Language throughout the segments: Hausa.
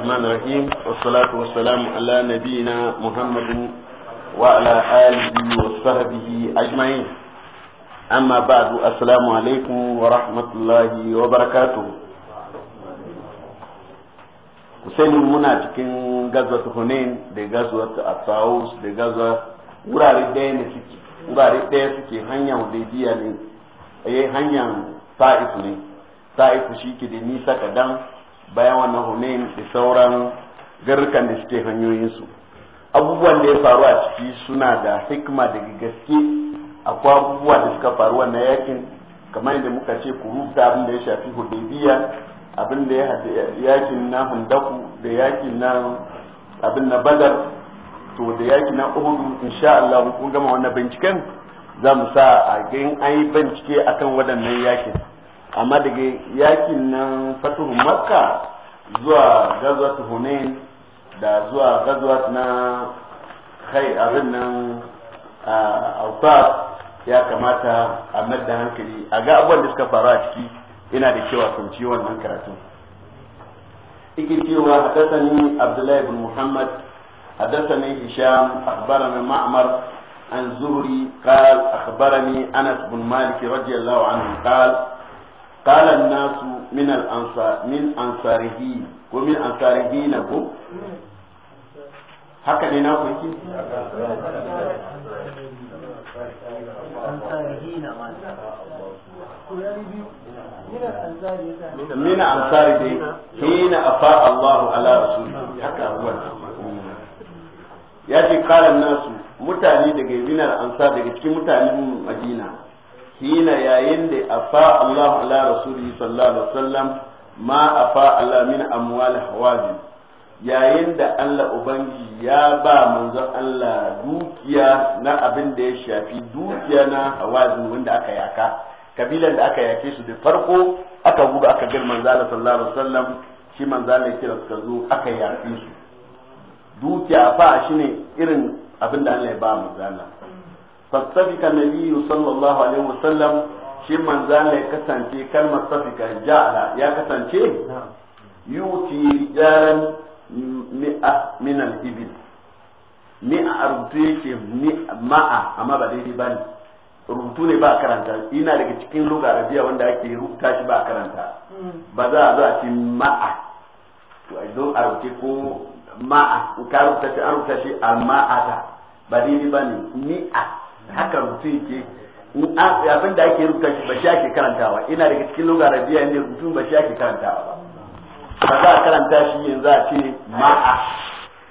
الرحمن الرحيم والصلاة والسلام على نبينا محمد وعلى آله وصحبه أجمعين أما بعد السلام عليكم ورحمة الله وبركاته muna cikin gazuwar hunain da da wurare ɗaya ne suke wurare ɗaya suke hanyar ne hanyar ne shi ke da nisa kadan bayan wannan hunain da sauran garkan da suke hanyoyinsu abubuwan da ya faru a ciki suna da hikma daga gaske akwai abubuwa da suka faru na yakin kamar yadda muka ce kuruta abin da ya shafi hudaybiya abin da ya yakin na hundaku da yakin na abin na badar to da yakin na uhudu insha Allah kun gama wannan binciken za mu sa a gain ai yi bincike akan waɗannan yakin amma daga yakin nan fatuhu makka zuwa gazuwat hunain da zuwa gazuwat na kai abin nan a ya kamata a da hankali a ga abubuwan da suka faru a ciki ina da cewa sun ci wannan karatun ikin cewa hadasani abdullahi bin muhammad a hadasani hisham akhbarana ma'mar an a qal akhbarani anas bin malik radiyallahu anhu kal قال الناس من الأنصار من أنصاره ومن أنصارهين هم haka ne na kwanki? min ansari dai hina afa Allahu ala rasuli haka ruwan ya ce kalan nasu mutane daga zinar ansar daga cikin mutane mutanen madina hina yayin da afa Allah ala rasulihi sallallahu alaihi wasallam ma afa Allah min amwal hawazin yayin da Allah ubangi ya ba manzon Allah dukiya na abin da ya shafi dukiya na hawazin wanda aka yaka kabilan da aka yake su da farko aka gudu aka gir manzo Allah sallallahu alaihi wasallam shi manzo Allah yake suka zo aka yaki su dukiya fa shine irin abin da Allah ya ba manzo Allah fasafika nabiyyu sallallahu alaihi wasallam shi manza ne kasance kalmar safika ja'ala ya kasance yuti jaran mi'a min al-ibil mi'a rubutu yake ma'a amma ba daidai ba ne rubutu ne ba karanta ina daga cikin lugar arabiya wanda ake rubuta shi ba karanta ba za a zo a ce ma'a to a zo a rubuce ko ma'a ka rubuta shi an rubuta shi a ba daidai ba ne mi'a haka rubutu yake abin da ake rubuta shi ba shi ake karantawa ina daga cikin lugar arabiya ne rubutu ba shi ake karantawa ba ba za a karanta shi yanzu a ce ma'a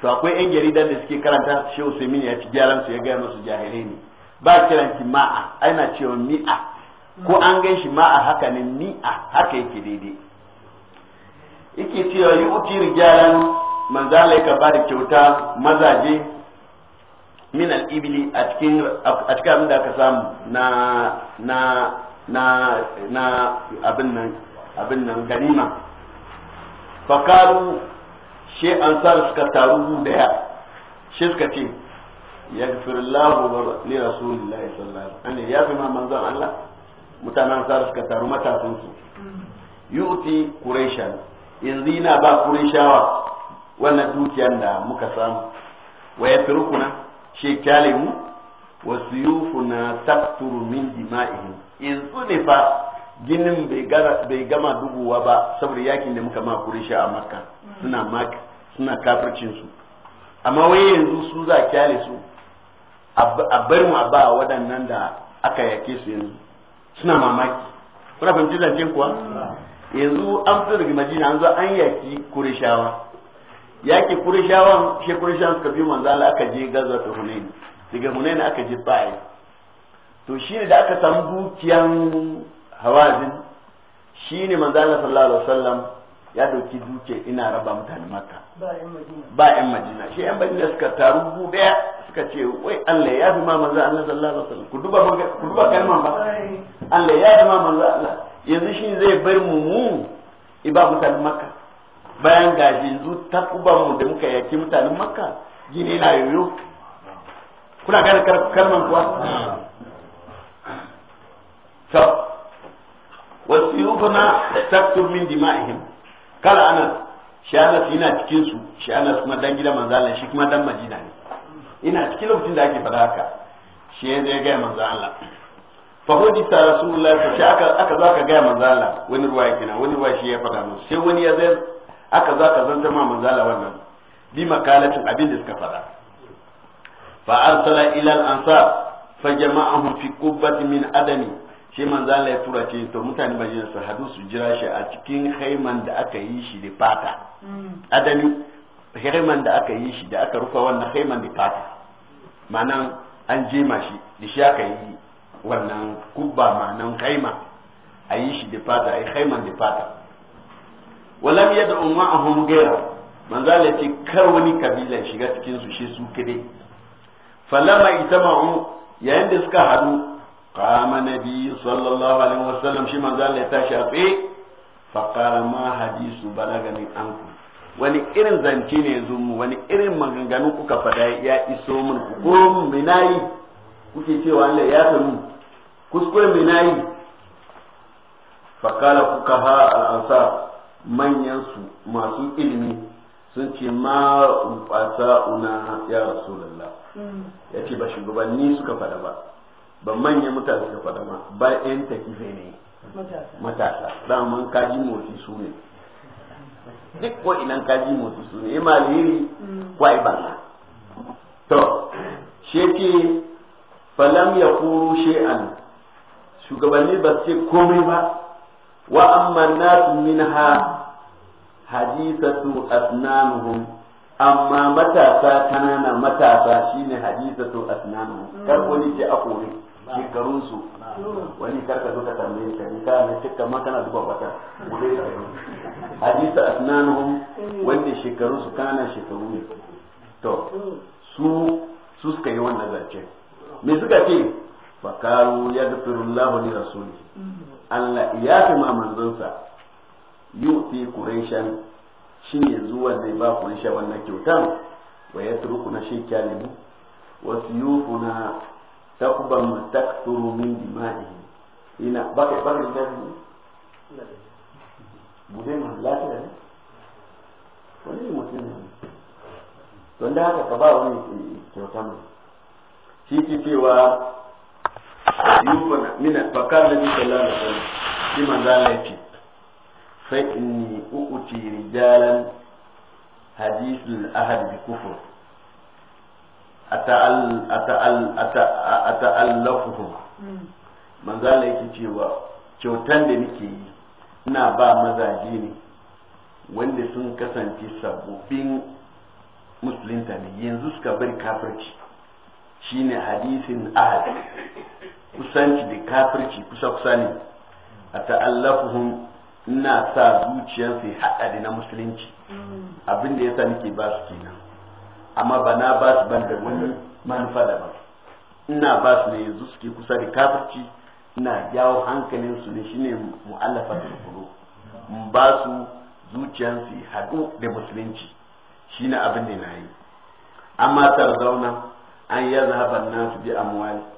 to akwai yan jaridar da suke karanta shi usaimin ya ci gyaran su ya gaya musu jahilai ne ba kiran shi ma'a ana cewa mi'a ko an gan shi ma'a haka ne mi'a haka yake daidai yake cewa yi uti rigyaran manzala ya ka ba da kyauta mazaje min al-ibli a cikin abin da aka samu na na na na abin nan abin nan ganima fakaru she ansar suka taru daya shi suka ce wa li rasulillahi sallallahu alaihi ya fi ma manzon Allah mutanen sar suka taru matasan su yuti quraishan yanzu ina ba qurayshawa wannan dukiyar da muka samu wa rukuna? shi kyale mu wasu yufu na takturu min dima'ihim yanzu ne fa ginin bai gama dubuwa ba saboda yakin da muka makure a makka suna maka suna kafircin su amma wai yanzu su za kyale su a bar mu a ba waɗannan da aka yake su yanzu suna mamaki kuna fahimci zancen kuwa yanzu an fi rigimajina an zo an yaki kurishawa yaki kurishawan shi kurishawan suka bi manzo Allah aka je gaza ta hunain daga hunain aka je ba'i to shine da aka samu dukiyan hawazin shine manzo Allah sallallahu alaihi wasallam ya dauki duke ina raba mutane maka ba yan madina shi yan madina suka taru bu daya suka ce wai Allah ya fi ma manzo Allah sallallahu alaihi wasallam ku duba ku duba kalman ba Allah ya fi ma manzo Allah yanzu shi zai bar mu mu ibabu maka bayan ga yanzu mu da muka yaki mutanen makka gini na yoyo kuna gane kalman kuwa to na taktur min dima'ihim kala ana shi anas yana cikin su shi anas kuma dan gida manzo Allah shi kuma dan majina ne ina cikin lokacin da ake fada haka shi ya zai gaya manzo Allah fa hudisa rasulullahi sai aka aka zo aka gaya manzo Allah wani ruwa ya kina wani ruwa shi ya fada musu sai wani ya zai aka za ka zanta ma manzala wannan bi makalatin abin da suka faɗa fa arsala ila al ansar fa jama'ahum fi qubbati min adami shi manzala ya tura ce to mutane madina su hadu su jira shi a cikin haiman da aka yi shi da fata mm. adami haiman da aka yi shi da aka rufa wannan haiman da fata ma'anan an ma shi da shi aka yi wannan kubba ma'anan haima a yi shi da fata a yi haiman da fata walam yadda umma a hungera manzala ya ce kar wani kabila shiga cikin su shi su kide falama ita ma'u yayin da suka hadu kama nabi sallallahu alaihi wasallam shi man ya tashi a tsaye faƙara ma hadisu balaga min anku wani irin zance ne yanzu mu wani irin maganganu kuka fada ya iso min ko minayi kuke cewa Allah ya sanu kuskure minayi faƙala kuka ha al'ansar manyan su masu ilimi sun ce ma fasa una ya rasulullah hmm. ya ce ba shugabanni suka fada ba ba manyan mutane suka fada ba ba yan takife ne matasa daman kaji motsi su ne duk ko inan kaji motsi su ne ima alheri hmm. kwai banna to sheki falam ya kuru she'an shugabanni ba ce komai ba وأما الناس منها matasa أسنانهم أما متى ساكننا متى ساشين حديثة أسنانهم كربوني جاء أقولي shekarunsu wani karka zo ka tambaye shi ne kana mai cikka ma kana duba bata hadisa asnanuhum wanda shekarunsu kana shekaru ne to su su suka yi wannan zance me suka ce fakaru yaghfirullahu li rasuli Allah ya fi ma manzonsa yu'ti quraishan shine zuwa zai ba quraisha wannan kyautan wa yatrukuna shi kyalimu wa suyufuna taqbam min ina ka ba cewa yubana mina fakar nabi sallallahu alaihi wasallam shi laifi. Sai in ni uku uti rijalan hadithul ahad bi kufr ata'al ata'al cewa kyautan da nake yi ina ba mazaje ne wanda sun kasance sababbin musulunta ne yanzu suka bari kafirci shine hadisin ahad kusanci da kafirci kusa kusa ne a ta'allafuhum na sa zuciyar sai hada da na musulunci abin da yasa nake ba su kenan amma ba na ba su ban da wani manufa da ba ina ba su ne yanzu suke kusa da kafirci na jawo hankalin su ne shine mu'allafa da kuro mu ba su zuciyar ya hadu da musulunci shine abin da na yi amma tarzauna an yi zahaban nasu bi amwali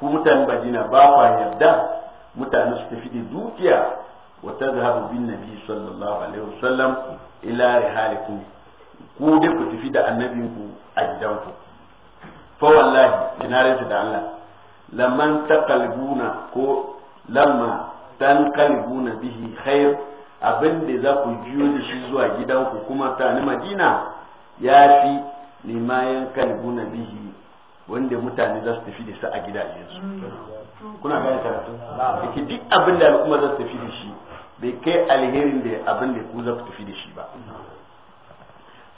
ku mutanen Madina ba kwa yarda mutane su tafi da dukiya wa zahabu bin nabi sallallahu alaihi wasallam ila rihalikum ku dai ku tafi da annabin ku a gidanku fa wallahi ina rantsa da Allah lamman taqalbuna ko lamma tanqalbuna bihi khair abin da za ku jiyo da shi zuwa gidanku kuma ta Madina ya fi limayan kalbuna bihi wanda mutane za su tafi da su a gidajensu mm. kuna gane karatu yake duk abin da al'umma za su tafi da shi bai kai alherin da abin da ku za ku tafi da shi ba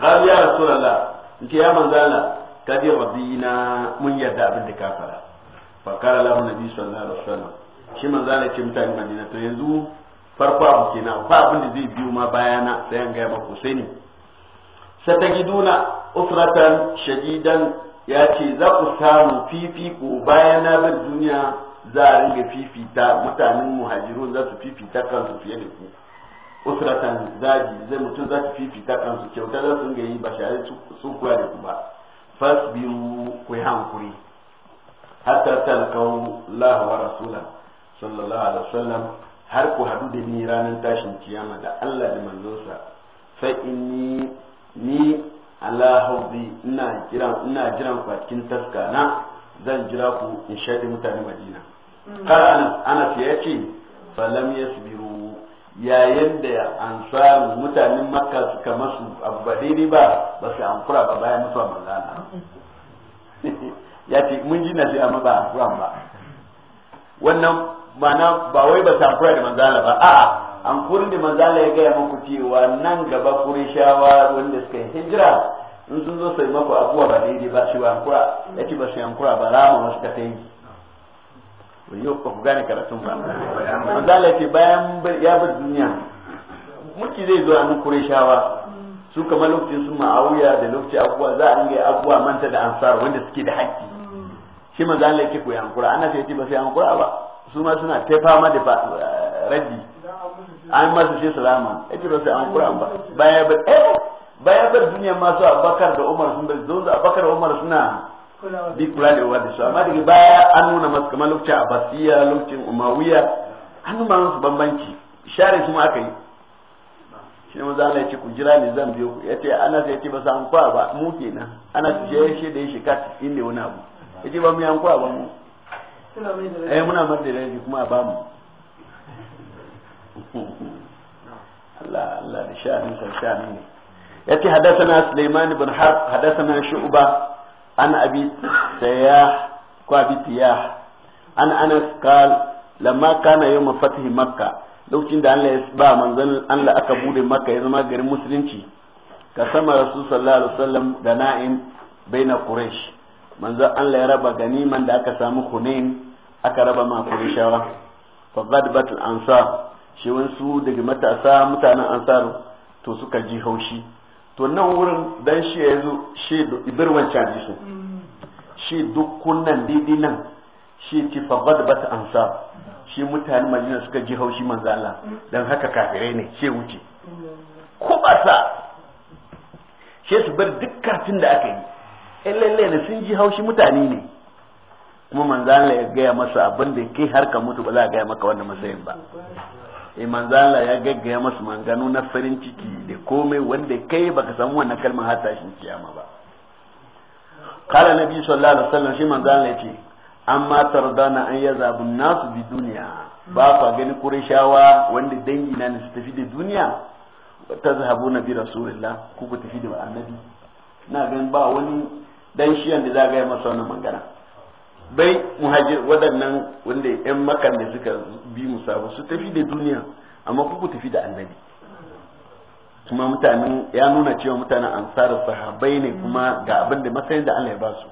qalu ya rasulullah inta ya manzana kadi rabbina mun yarda abin da ka fara fa qala lahu nabi sallallahu alaihi wasallam shi manzana ce mutane madina to yanzu farko abu kenan ba abin da zai biyo ma bayana sai an ga ba ku sai ne satagiduna ufratan shadidan ya ce za ku samu fifiko bayan na bar duniya za a ringa fifita mutanen muhajirun za su fifita kansu fiye da ku usratan zaji zai mutum za su fifita kansu kyauta za su ringa yi ba share su kuwa da ku ba biyu ku yi hankuri hatta talakawu Allah wa rasula sallallahu alaihi wasallam har ku hadu da ni ranar tashin kiyama da Allah da manzonsa fa inni ni ala ina jiran ina jiran taska na zan jira ku in shaɗi mutane madina mm. kar ana anas ya ce falam yasbiru yayin da ansar mutanen makka suka masu abu ba ba ba su amfura ba bayan mutuwa manzana mm. ya ce mun ji na sai amma ba amfuran ba wannan ba na ba wai ba kura da manzala ba a'a an kurin da manzala ya gaya muku cewa nan gaba kurishawa wanda suka yi hijira in sun zo sai maku abuwa ba daidai ba shi wankura ya ce ba shi kura ba rama wasu ta kai yau ba ku gane karatun ba manzala ya ce bayan ya bi duniya muki zai zo a nan kurishawa su kamar lokacin su ma'auya da lokacin abuwa za a ringa abuwa manta da ansar wanda suke da haƙƙi shi manzo ku yi koyi hankura ana sai ce ba sai kura ba su ma suna ta fama da raji an masu shi salama ya ce rasu an kura ba baya ba eh baya bar duniya masu abakar da umar sun bar zonzo abakar da umar suna bi kula da wa da su amma daga baya an nuna masu kamar lokacin abasiya lokacin umawiya an nuna masu bambanci share su ma aka yi shi ne maza Allah ya ce ku jira ne zan biyo ku ya ce ana ya ce ba sa an kwa ba mu kenan ana ce shi da ya shekara inda ne wani abu ya ce ba mu an kwa ba mu eh muna mar da rai kuma a bamu Allah Allah da sha'anin sa sha'anin ne yace hadathana Sulaiman ibn Harb hadathana Shu'ba an Abi Sayyah ko Abi Tiyah an Anas qal lamma kana yawm fath Makka lokacin da Allah ya ba manzon Allah aka bude Makka ya zama garin musulunci ka sama Rasul sallallahu alaihi wasallam da na'im baina Quraysh manzo Allah ya raba ganiman da aka samu Hunain aka raba ma Qurayshawa fa ghadbatul ansar shi su daga matasa mutanen ansar to suka ji haushi to nan wurin dan shi ya zo shi ibir wancan jisu shi duk kunnan daidai nan shi ci fa ghadbatul ansar shi mutanen Madina suka ji haushi manzo Allah dan haka kafirai ne shi wuce ko ba sa shi su bar duk kafin da aka yi in lalle ne sun ji haushi mutane ne kuma manzo Allah ya gaya masa abin da har ka mutu ba za a gaya maka wannan matsayin ba eh manzo Allah ya gaggaya masa manganu na farin ciki da komai wanda kai baka samu wannan kalmar har tashin kiyama ba kala nabi sallallahu alaihi wasallam shi manzo Allah yace amma tardana an yazabu nasu bi duniya ba ka gani kurishawa wanda dangi na su tafi da duniya ta zahabu nabi rasulullah ku ku tafi da annabi na ganin ba wani dan shi yanda za ga yi masa wannan mangana bai muhajir waɗannan wanda yan makan da suka bi musafa su tafi da duniya amma ku tafi da annabi kuma mutanen ya nuna cewa mutanen ansar sahabai ne kuma ga abin da matsayin da Allah ya ba su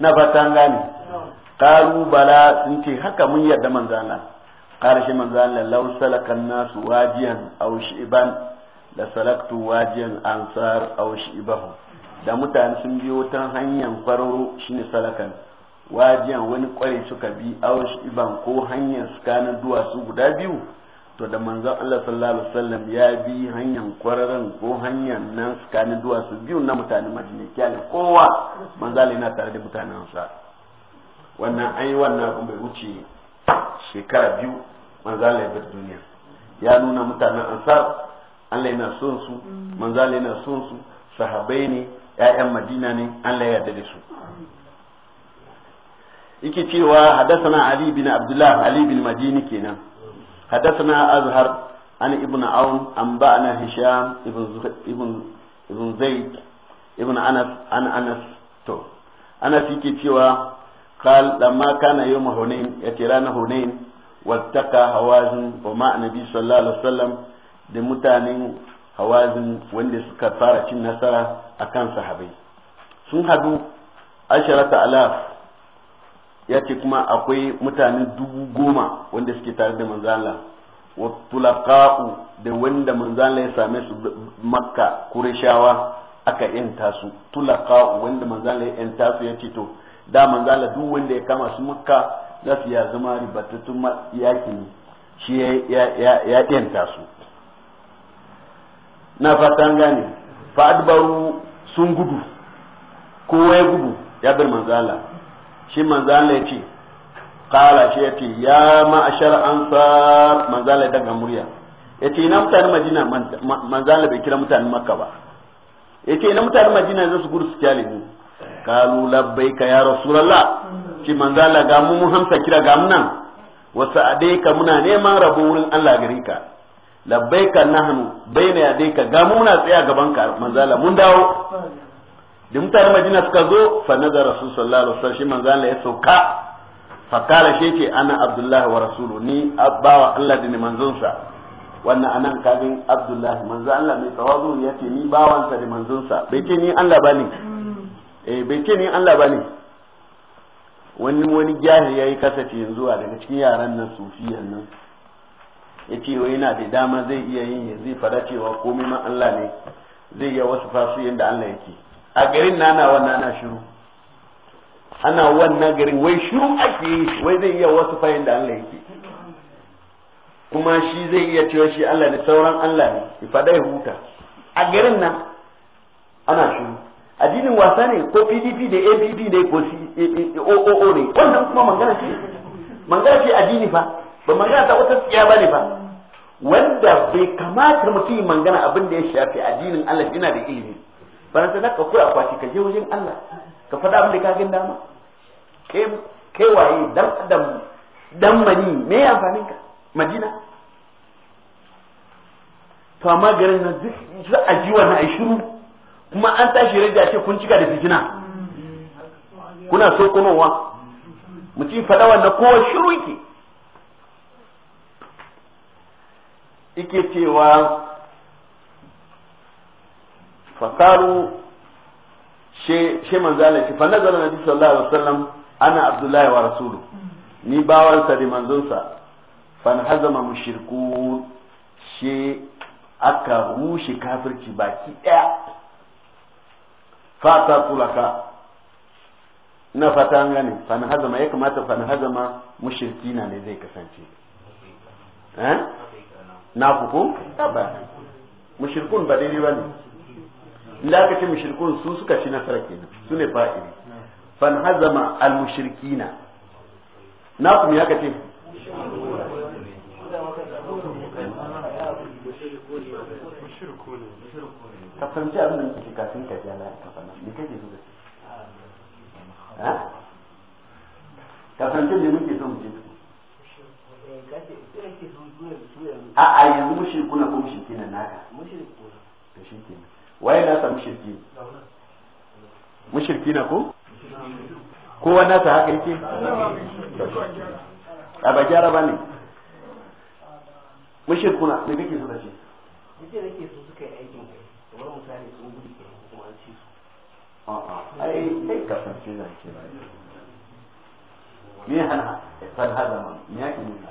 na fata an gane qalu bala sun ce haka mun yarda manzana Allah qala shi salakan nasu wajiyan aushi shiban da salaktu wajiyan ansar aushi shibahu da mutane sun biyo ta hanyar kwararo shine salakan wajen wani kwari suka bi aush iban ko hanyar sukanin duwatsu guda biyu to da manzon Allah sallallahu alaihi wasallam ya bi hanyar kwararan ko hanyar nan sukanin duwatsu biyu na mutane madina kyale kowa manzon yana tare da mutanen sa wannan ai wannan abin bai wuce shekara biyu manzon Allah ya bar duniya ya nuna mutanen ansar Allah yana son su manzon Allah yana son su ne ƴaƴan madina ne an laya da su yake cewa hadathana ali bin abdullah ali bin madini kenan hadathana azhar an ibn aun an ana hisham ibn ibn zaid ibn anas an anas to anas yake cewa قال لما كان يوم هنين يتيران هنين واتقى هوازن ومع النبي صلى sallallahu alaihi wasallam da mutanen hawazin wanda suka fara cin nasara a kan sahabai sun hadu asharata alaf ya ce kuma akwai mutane dubu goma wanda suke tare da manzala wa tulaqa'u da wanda manzala ya same su makka kurishawa aka yanta su tulaka'u wanda manzala ya yanta su ya ce to da manzala duk wanda ya kama su makka za su ya zama ribatattun yaki ne shi ya yanta su na fatan gane fa adbaru sun gudu kowa ya gudu ya bar manzo Allah shi manzo Allah yace qala kala shi ya ma ya ma'ashar ansar manzo Allah ya daga murya yace ina mutanen Madina manzo Allah bai kira mutanen Makka ba yace ina mutanen Madina za su gudu su kyale ni kalu labbaika ya rasulullah shi manzo Allah ga mu hamsa kira ga mu nan wasa adeka muna neman rabo wurin Allah gare ka labbaika nahnu baina yadayka ga mu muna tsaya gaban ka manzala mun dawo da mutane madina suka zo fa nazara rasul sallallahu alaihi wasallam shi manzala ya sauka fa kala shi ce ana abdullahi wa rasulu ni abbawa Allah da ni sa wannan anan kadin abdullahi manzo Allah mai tawazu ya ce ni bawansa da sa bai ce ni Allah bane eh bai ce ni Allah bane wani wani jahili yayi kasafi yanzu daga cikin yaran nan sufiyan nan ya ce wa yana da dama zai iya yin ya zai fada cewa komai ma Allah ne zai iya wasu fasu yadda Allah yake a garin nana wannan ana shiru ana wannan garin wai shiru ake yi wai zai iya wasu fa yadda Allah yake kuma shi zai iya cewa shi Allah ne sauran Allah ne ya fada ya huta a garin nan ana shiru addinin wasa ne ko PDP da APP ne ko OOO ne wannan kuma mangana ce mangana ce addini fa ba magana ta wata tsiya bane ba wanda bai kamata mutum yi magana abin da ya shafi addinin Allah yana da ilimi ba za ka kura akwati ka je wajen Allah ka faɗa abin da ka gin dama kai waye dan adam dan mani me ya amfanin ka madina to amma garin nan duk a ji wani ai shiru kuma an tashi rage ce kun cika da fitina kuna so komowa mutum faɗa wannan kowa shiru yake ike cewa fasaru shi manzo Allah ce fa nazara nabi sallallahu alaihi wasallam ana abdullahi wa rasulu ni bawansa da manzonsa fan hazama mushrikun shi aka rushe kafirci baki daya fata tulaka na fata an gane fan hazama ya kamata fan hazama na ne zai kasance eh na ku ko tabba mushrikun ba daidai bane inda aka ce mushrikun su suka ci nasara kenan su ne fa'ili fan hazama al mushrikina na ku me aka ce ka fahimci abin da nake kafin ka jala ka fana ni kake so ka fahimci me muke so mu ce a a yanzu mushriku na ko mushriki na naka wa to shi kenan waye na sa mushriki mushriki na ko kowa nasa haka yake a ba gyara ba ne mushriku na me kake so ka ce kike nake so suka yi aikin kamar misali sun gudu ke kuma an ci su a'a ai kai ka san shi zan ce ba ne hana ma. me yake nuna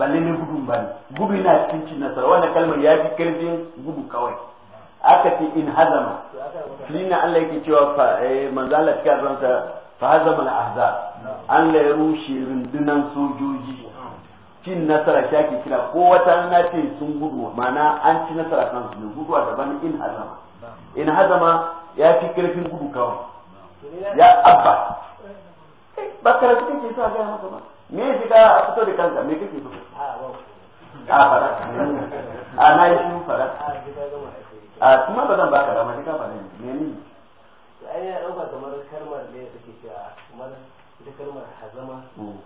ba ne gudun ba ne gudu yana cikin cin nasara wannan kalmar ya fi karfin gudu kawai aka ce in hazama shi ne Allah yake cewa eh, manzo Allah cikin azansa fa hazama al-ahzab Allah ya rushe rundunan sojoji cin nasara shaki kira ko wata na ce sun gudu mana an ci nasara kan su gudu a daban in hazama in hazama ya fi karfin gudu kawai ya abba ba karatu kake sa ga maka me shi ka a fito da kanka me kake so a fara a na yi shi fara a kuma ba zan baka dama shi ka fara ne ne ai ya dauka kamar kalmar da take cewa kamar ita kalmar hazama mm.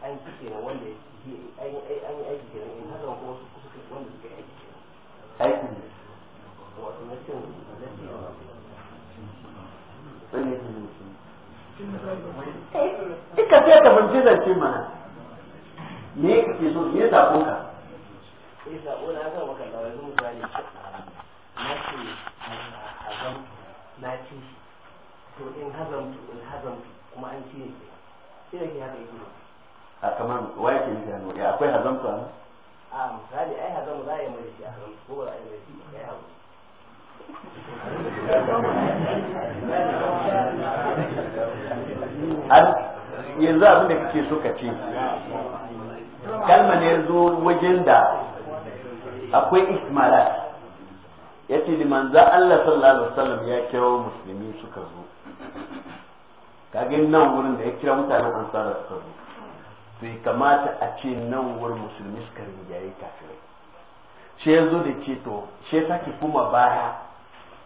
an kike na wanda an yi aiki kenan in haka kuma su suka wanda suka aiki kenan aiki wato na cin lafiya sai ne Ika sai ka fahimci zance mana me ke so me zaɓo ka Me zaɓo na ga maka da wani misali na ce hazam na ci to in hazam tu in hazam kuma an ci ne ke Ina ke haka yake a kamar waye ke yi hannu ya akwai hazam tu a nan? A misali ai hazam za a yi mai shi a hazam ko ba za a yi mai shi ya yi hazam an yanzu abin da kake so ka ce kalma ne zo wajen da akwai ismalat ya ce da manza Allah sallallahu alaihi wasallam ya kira musulmi suka zo kage nan wurin da ya kira mutanen ansara suka zo to kamata a ce nan wurin musulmi suka rinjaye kafirai shi ya zo da ce to shi sake kuma baya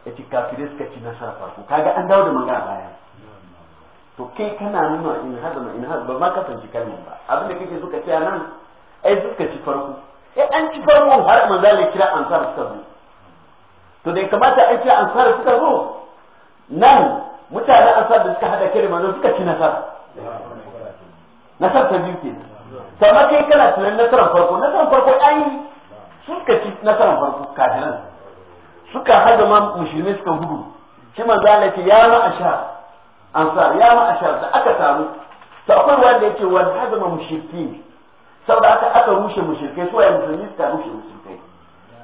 ya ce kafirai suka ci nasara farko kaga an dawo da magana baya to kai kana nuna in ma in hazana ba ma ka fanci kalmar ba abin da kake suka ce nan ai suka ci farko eh an ci farko har manzo ne kira ansar suka zo to da kamata an kira ansar suka zo nan mutanen ansar da suka hada kai manzo suka ci nasara nasar ta biyu ke to amma kai kana tunanin nasarar farko nasarar farko ai suka ci nasarar farko kafiran suka hada ma musulmi suka gudu shi manzo Allah ya ma asha ansar ya ma da aka samu to akwai wanda yake wani hazama mushriki saboda aka aka rushe mushrikai su waye musulmi suka rushe mushrikai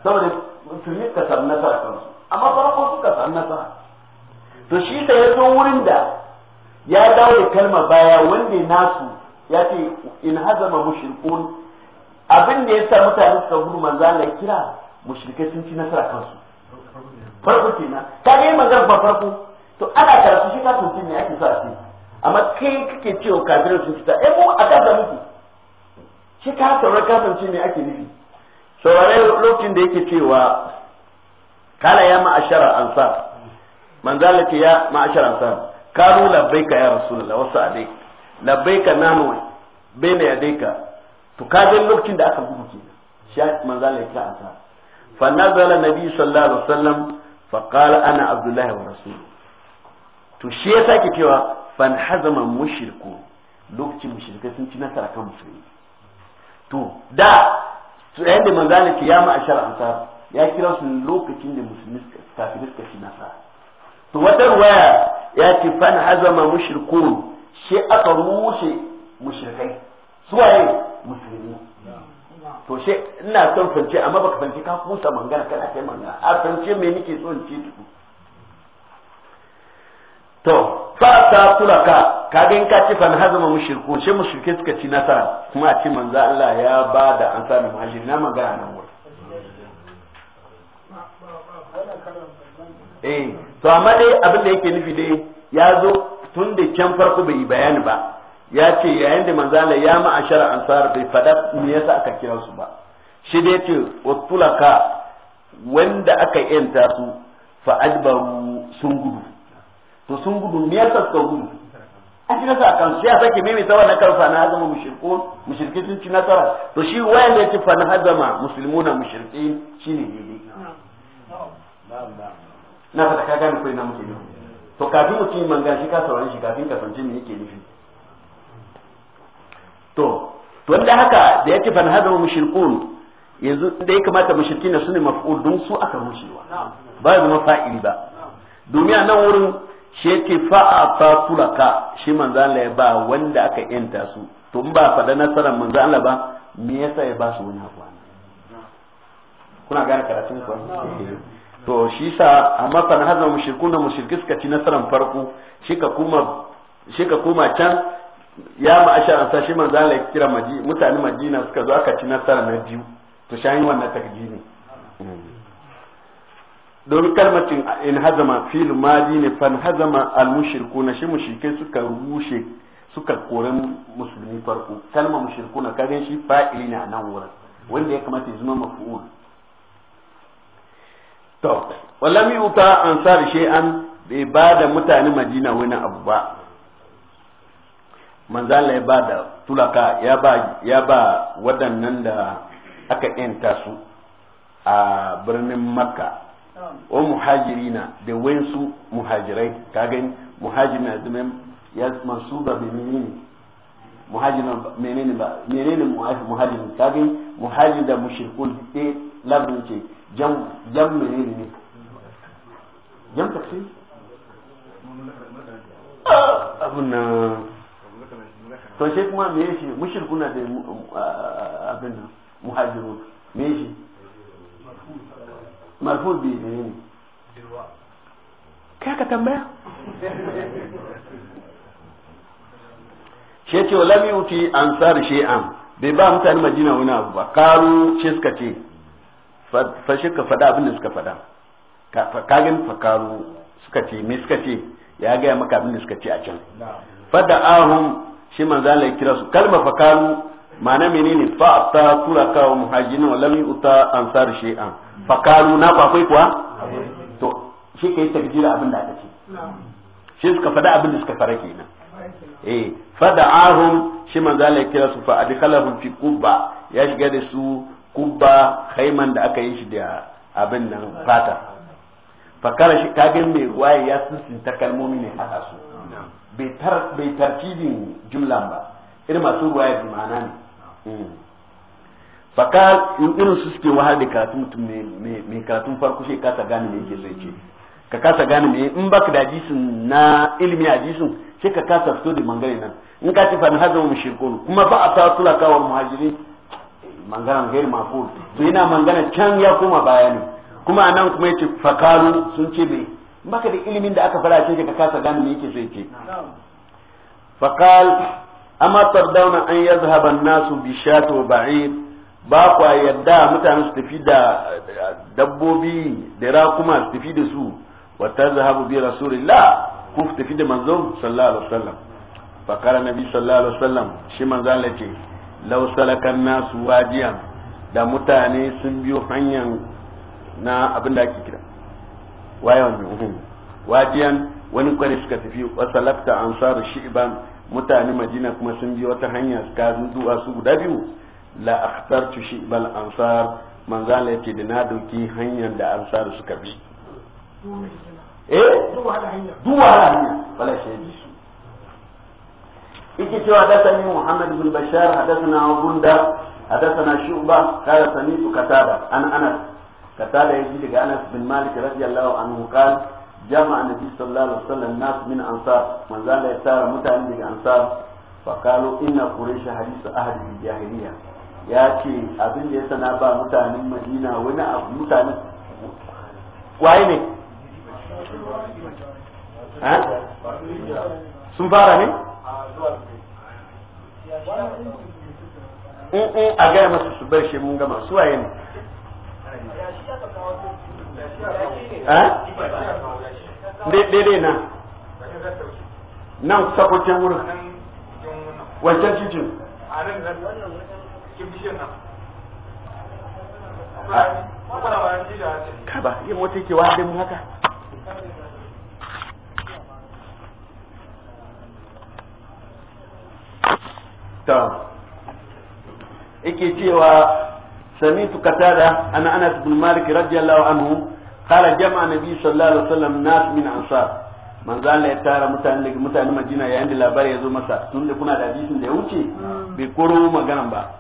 saboda musulmi suka samu nasara kansu amma farko suka samu nasara to shi da ya zo wurin da ya dawo da kalmar baya wanda nasu ya ce in hazama mushrikun abin da ya sa mutane suka gudu manzo Allah kira mushrikai sun ci nasara kansu farko kenan kage magana ba farko to ana karatu shi ka tuntu ne ake sa shi amma kai kake cewa kafirai sun fita eh mu a gaza muku shi ka saurari kasance ne ake nufi wala lokacin da yake cewa kala ya ma'ashara ansa, manzala ce ya ma'ashara ansa kalu labbaika ya rasulullah wasu adai labbaika nanu baina yadaika to ka ga lokacin da aka gudu kenan shi manzala ya kira fa nazala nabi sallallahu alaihi wasallam fa qala ana abdullahi wa rasuluhu to shi ya sake cewa ban hazama mushriku lokacin mushrikai sun ci nasara kan musulmi to da su yayin da manzali ke ya a shara'anta ya kira su lokacin da musulmi kafin suka ci nasara to wata ruwaya ya ce ban hazama mushrikun shi aka rushe mushrikai suwaye musulmi to shi ina son fance amma baka fance ka kusa mangana kana kai mangana a fance me nake son ce tuku to fa ta ka kaga in ka ci fa hazama mushriku mushrike suka ci nasara kuma a ci manzo Allah ya ba da an sami muhajiri na magana nan wurin eh to amma dai abin da yake nufi dai ya zo tun da can farko bai yi bayani ba ya ce yayin da Allah ya ma'ashara ansar bai fada me yasa aka kira su ba shi dai ce watulaka wanda aka yanta su fa ajbaru sun gudu to sun gudu me sa suka gudu a ci nasara kan ya sake meme ta na karfa na hazama mushrikun mushriki sun ci nasara to shi wayan da ya fa na hazama muslimuna mushriki shine ne na fata ka gane kai na muke nufi to kafin mu ci manga shi ka saurari shi kafin ka san me yake nufi to to da haka da yake fa na hazama mushrikun yanzu da ya kamata mushrikina su ne maf'ul dun su aka rushewa ba zama fa'ili ba domin a nan wurin shi yake fa'a ta suraka shi manzo Allah ya ba wanda aka yanta su to ba fada nasarar manzo Allah ba me yasa ya ba su wani abu kuna gane karatun ku to shi sa amma fa na hazama mushrikuna mushriki suka ci nasarar farko shi ka kuma shi ka kuma can ya ma'ashar ansa shi manzo Allah ya kira mutane Madina suka zo aka ci nasarar na biyu to shayin wannan takdimi domin kalmacin in hazama fil madi ne fan hazama al mushriku na shi mushrikai suka rushe suka koran musulmi farko kalma mushriku na kagan shi fa'ili na nan wurin wanda ya kamata ya zama mafu'ul to wallam yuta ansar shay'an bai ba da mutane madina wani abu ba manzala ya ba da tulaka ya ba ya ba waɗannan da aka yanta su a birnin makka wa muhajirina da wayansu muhajirai ka gani muhajir na zama ya mansuba bi menene muhajir menene ba menene muhajir ka gani muhajir da mushrikun da eh, labin ce jam jam menene ne jam tafsir ah, abun nan to sai kuma me yake mushrikuna da ah, abin muhajirun me yake marfu bi da ne kai ka tambaya shi ce lam yuti ansar shay'an bai ba mutane madina wani abu ba karu shi suka ce fa shi ka faɗa abin da suka faɗa kagin fa karu suka ce me suka ce ya gaya maka abin da suka ce a can fada ahun shi manzo Allah ya kira su kalma fa karu ma'ana menene fa ta tura kawo muhajirin wa lam yuta ansar shay'an fakalu na kwakwai kuwa to shi yi tafjira abin da aka ce shi suka faɗa abin da suka fara ke nan eh ahun shi manzo Allah ya kira su fa adkhalahum fi kubba ya shiga da su kubba khaiman da aka yi shi da abin nan fata fakara shi kagin mai waye ya ta kalmomi ne haka su bai tartibin jumlan ba irin masu ruwaya bi ma'ana ne hmm. fakal in irin su suke wahal da karatu mutum mai karatun farko shi kasa gane me yake sai ce ka kasa gane me in baka da hadisin na ilmi hadisin sai ka kasa fito da mangare nan in ka ci fa hazamu mushrikun kuma ba a ta tulaka kawo muhajiri mangaran gairi maqul to yana mangana can ya koma bayani kuma anan kuma yace fakalu sun ce me in baka da ilimin da aka fara ce ka kasa gane me yake sai ce fakal amma tardawna an yadhhaba an-nasu bi shati wa ba'id ba kwa yadda mutane su tafi da dabbobi da rakuma su tafi da su wata zahabu bi rasulillah ku su tafi da manzo sallallahu alaihi wasallam fakara nabi sallallahu alaihi wasallam shi manzo Allah ce law salakan nasu wajiyan da mutane sun biyo hanyar na abin da ake kira waye wannan wajiyan wani kwari suka tafi salakta ansaru shi'ban mutane madina kuma sun biyo wata hanya su du'a su guda biyu la akhtartu bal ansar manzala yake da na doki hanyar da ansar suka bi eh duwa hanya duwa hanya wala yake cewa hadathani muhammad bin bashar hadathana gunda hadathana shuba qala samitu katada an anas katada yaji daga anas bin malik radiyallahu anhu qala jama'a nabi sallallahu alaihi wasallam nas min ansar man ya tara mutane daga ansar فقالوا إن قريش حديث أهل الجاهلية ya ce abin da ya sana ba mutanen madina wani abu mutanen waye ne sun fara ne in mm, in mm, a gaya masu su bar mun gama su waye ne daidai na nan sakwacin wurin wancan cikin cikin ah. kaba cewa سمعت قتادة أن أنس بن مالك رضي الله عنه قال جمع النبي صلى الله عليه وسلم ناس من أنصار من ya tara mutane mutane Madina yayin da labari ya zo masa tun da kuna da hadisin da ya wuce hmm. bai koro magana ba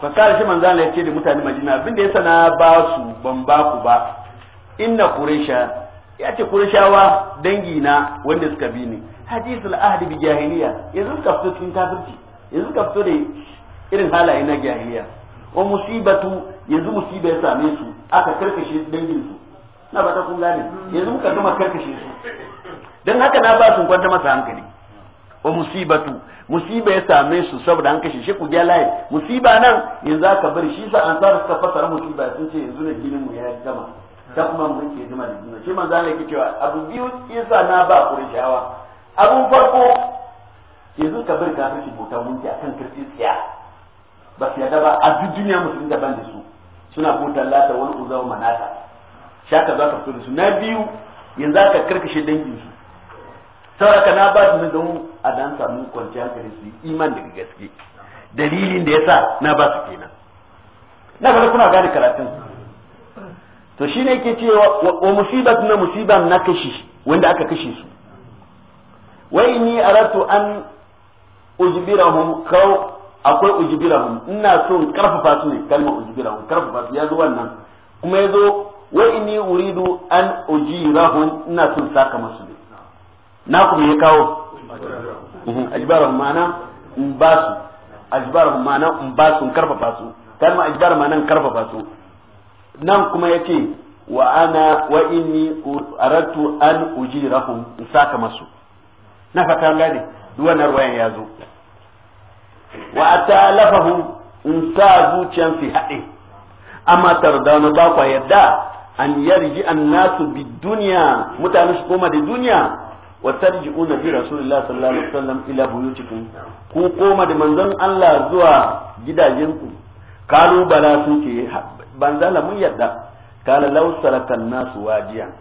fakar shi manzana ya ce da mutane madina abin da ya sana ba su ban ba ku ba inna quraisha ya ce qurayshawa dangi na wanda suka bi ni hadithul ahd bi jahiliya yanzu suka fito cikin kafirci yanzu suka fito da irin halaye na jahiliya wa musibatu yanzu musiba ya same su aka karkashe dangin su na ba ta kun gane yanzu muka gama karkashe su dan haka na ba su kwanta masa hankali wa musibatu musiba ya same su saboda an kashe shi ku ga layi musiba nan yanzu aka bar shi sa ansar suka fasara musiba sun ce yanzu ne jinin mu ya gama ta kuma mu ke jima da jinin shi manzo Allah yake cewa abu biyu yasa na ba kurishawa abun farko yanzu ka bari kafirci bauta gunki akan kirsi tsiya ba su yada ba a duk duniya musulmi daban da su suna bota lata wani uzawa manata shaka za ka fito da su na biyu yanzu aka karkashe dangin su sauraka na ba su don a dan samu kwanciyar hankali su iman daga gaske dalilin da yasa na ba su kenan na fara kuna gane karatun to shine ke ce wa musiba na musiba na kashi wanda aka kashe su wai ni aratu an ujbirahum kaw akwai ujbirahum ina son karfafa su ne kalmar ujbirahum karfafa su ya zo wannan kuma ya zo wai inni uridu an ujirahum ina son saka masu ne na kuma ya kawo Mhm. ajbarahum ma'ana in ba su ajbarahum ma'ana in ba su in karfafa su kalma ajbar ma'ana in karfafa su nan kuma yake wa ana wa inni aratu an ujirahum in saka masu na fata gane duk wannan ruwayan ya zo wa atalafahu in sa zuciyan fi hade amma tardana ba kwa yadda an yarji an nasu bi duniya mutane su koma da duniya wa tarji'una bi rasulillahi sallallahu alaihi wasallam ila buyutikum ku koma da manzon Allah zuwa gidajenku kalu bala sun ce banzala mun yadda kala law sarakan nasu wajiyan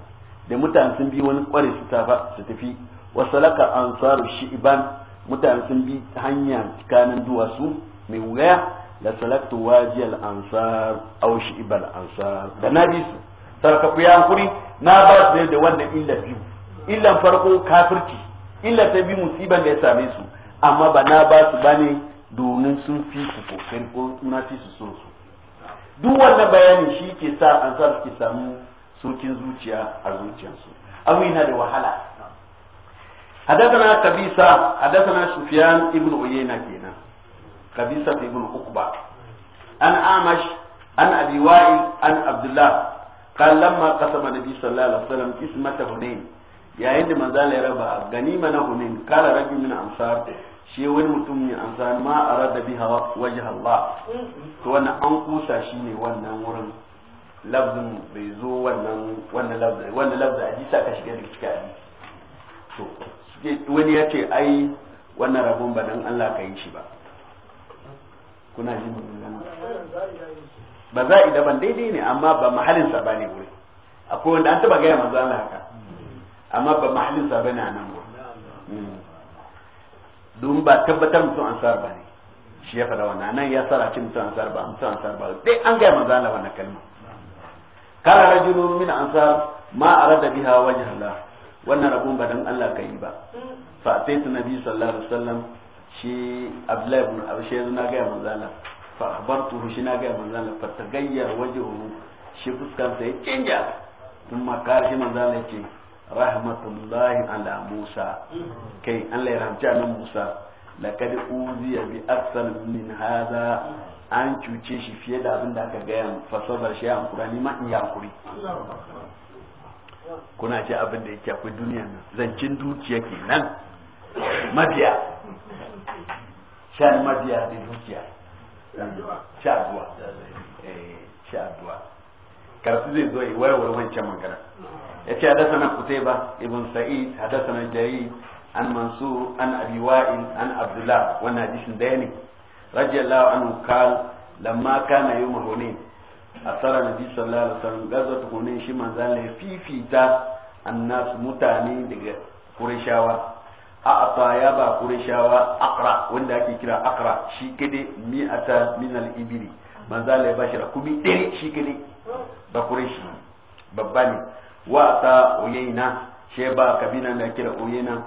da mutane sun bi wani kware su tafi wa salaka ansaru shi'ban mutane sun bi hanya tsakanin duwatsu mai wuya da salaktu wajiyal ansar aw shi'bal ansar da na bi su sarka ku yankuri na ba su da wannan illa biyu illa farko kafirci illa ta bi musiban da ya same su amma ba na ba su bane domin sun fi su kokarin ko na fi su so su duk wannan bayanin shi ke sa an sa suke samu sokin zuciya a zuciyarsu abu yana da wahala حدثنا كبيسة حدثنا سفيان ابن عيينة كينا كبيسة ابن عقبة عن أعمش عن أبي وائل عن عبد الله قال لما قسم النبي صلى الله عليه وسلم اسمة هنين yayin da manzo ya raba ganima na hunin kala rabbi min ansar shi wani mutum ne ansar ma arada hawa wajh Allah to wannan an kusa shi ne wannan wurin lafzin bai zo wannan wannan lafzin wannan lafzin aji sa ka shiga da cikin aji to wani ya ce ai wannan rabon ba dan Allah ka yi shi ba kuna ji magana ba za a ban daidai ne amma ba mahalin sa ne. wuri akwai wanda an taba gaya manzo Allah haka amma ba mahallin sa bane a nan ba hmm. domin ba tabbatar mutum ansar ba ne shi ya faɗa wannan nan ya sara ce mutum ansar ba mutum ansar ba dai an gaya manzo Allah wannan kalma kala rajulu min ansar ma arada biha wajh Allah wannan rabon ba dan Allah kai ba fa ataitu nabi sallallahu alaihi wasallam shi Abdullahi ibn abshay na gaya manzo Allah fa akhbartuhu shi na gaya manzo Allah fa tagayyar wajhuhu shi fuskansa ya canja kuma shi manzo Allah ya ce rahmatullahi ala Musa kai Allah ya rahamci nan Musa laqad uziya bi aksal min hada an cuce shi fiye da abin da aka gaya fasabar shi an kura ma in ya kuri kuna ce abin da yake akwai duniya nan zancin dukiya ke nan mabiya shan mabiya da dukiya sha addu'a eh, sha zuwa karfi zai zo yi warware wancan magana yace hadathana kutayba ibn sa'id hadathana jarir an mansur an abi wa'il an abdullah wannan hadisin da ne radiyallahu anhu qal lamma kana yawm hunain asara nabi sallallahu alaihi wasallam gazat hunain shi manzan ne fifita annas mutane daga qurayshawa a'a fa ya ba qurayshawa akra wanda ake kira akra shi kade mi'ata min al-ibri manzan ne bashi rakumi ɗari shi kade ba qurayshi babba ne wasa uyina she ba kabina da kira uyayna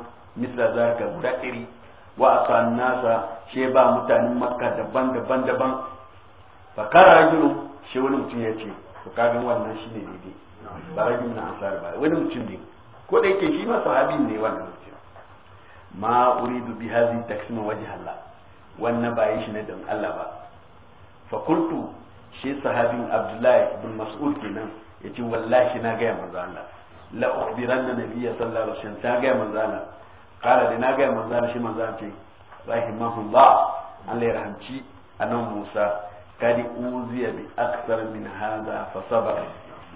za zaka guda iri wasa nasa she ba mutanen makka daban-daban daban fa kara rajulu she wani mutum ya ce to kagan wannan shine daidai ba rajulu na asar ba wani mutum ne ko da yake shi ma sahabi ne wannan mutum ma uridu bi hadhihi taksima wajh Allah wannan ba yin shi ne don Allah ba fa kuntu shi sahabin Abdullahi bin Mas'ud kenan ya ce wallahi na gaya manzo Allah la ukhbiranna nabiyya sallallahu alaihi wasallam ta gaya manzo Allah qala da na gaya manzo Allah shi manzo ce rahimahullah Allah ya rahamci annabi Musa kadi uziya bi aksar min hadha fa sabar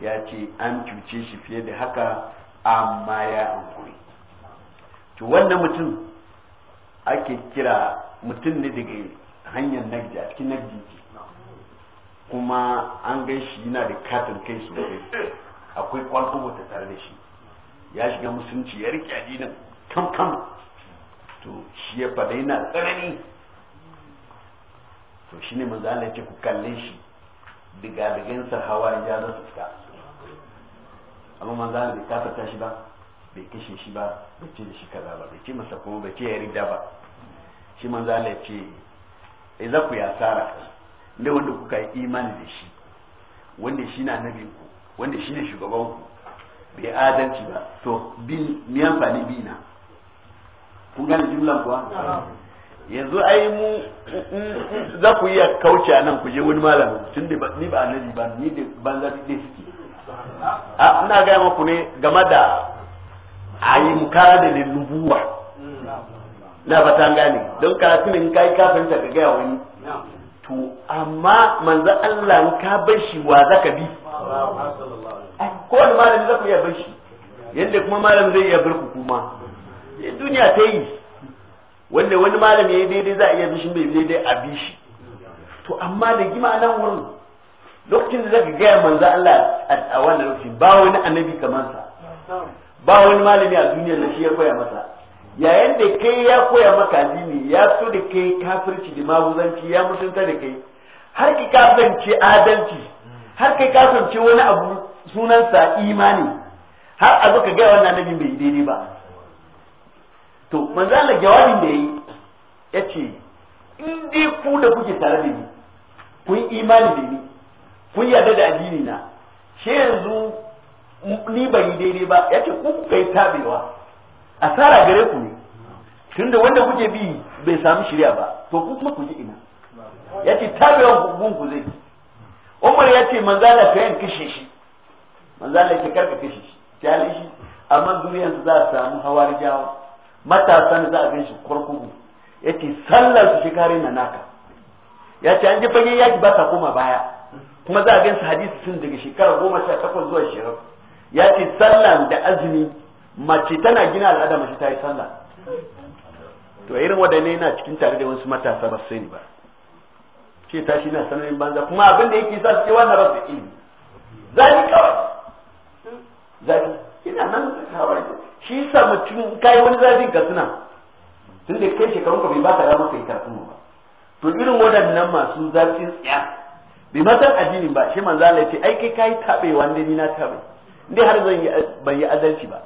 ya ce an cuce shi fiye da haka amma ya ankuri to wannan mutum ake kira mutum ne daga hanyar najja a cikin nagji kuma an gan shi yana da katin kai sosai akwai kwanto ta tare da shi ya shiga musulunci ya rike addinin kam kam to shi ya fada yana tsanani to shi ne manzo Allah ce ku kalle shi diga digan hawa ya za su fita amma manzo Allah bai kafata shi ba bai kashe shi ba bai ce da shi kaza ba bai ce masa kuma bai ce ya rida ba shi manzo Allah ce e za ku ya sara da wanda kuka yi imani da shi wanda shi na nabi ku wanda shi ne shugaban ku bai adalci ba to bin mi amfani bi na kun gane jumla kuwa yanzu ai mu za ku iya kauce nan ku je wani malamin tun da ni ba nabi ba ni da banza da suke a ina gaya maku ne game da a yi mukara da lullubuwa na fata gane don karatu ne in kai kafin ka gaya wani to amma manzan Allah ka bar shi wa zaka bi ko wani malami zaka iya bar shi yadda kuma malam zai iya bar ku kuma eh, duniya ta yi wanda wani malami ya daidai za a iya bishin bai daidai a bi shi to amma da gima nan wurin lokacin da zaka gaya manzan Allah a wannan lokacin ba wani annabi kamar sa ba wani malami a duniyar da shi ya koya masa yayin da kai ya koya maka addini ya so da kai kafirci da maguzanci ya mutunta da kai har ki kasance adalci har kai kasance wani abu sunansa imani har a ka ga wannan nabi bai daidai ba to manzo Allah jawabin da yayi yace in dai ku da kuke tare da ni kun imani da ni kun yarda da addini na shi yanzu ni bai daidai ba yace ku kai tabewa asara gare ku ne tunda wanda kuke bi bai samu shirya ba to ku kuma ku ji ina ya ce tabewan gun ku zai umar ya ce manzala ka yin kashe shi manzala ka karka kashe shi shi amma duniyarsu za a samu hawar jawo matasan za a gan shi kurkuku ya ce sallar su shekarun na naka ya ce an ji fage yaki ba ta koma baya kuma za a gan su hadisi sun daga shekara goma sha takwas zuwa shekaru ya ce sallan da azumi mace tana gina al'ada mace ta yi sallah to irin wadanne yana cikin tare da wasu matasa ba ni ba ce ta shi na sanarin banza kuma abin da yake sa su ce wannan rasu ilimi zafi kawai zafi ina nan kawai shi sa mutum kai wani zafin ka suna tun da kai shekarun ka bai ba ta rama kai karfin ba to irin waɗannan masu zafin tsaya, bai matan addinin ba shi manzo Allah ya ce ai kai kai tabe wanda ni na tabe dai har zan yi ban yi adalci ba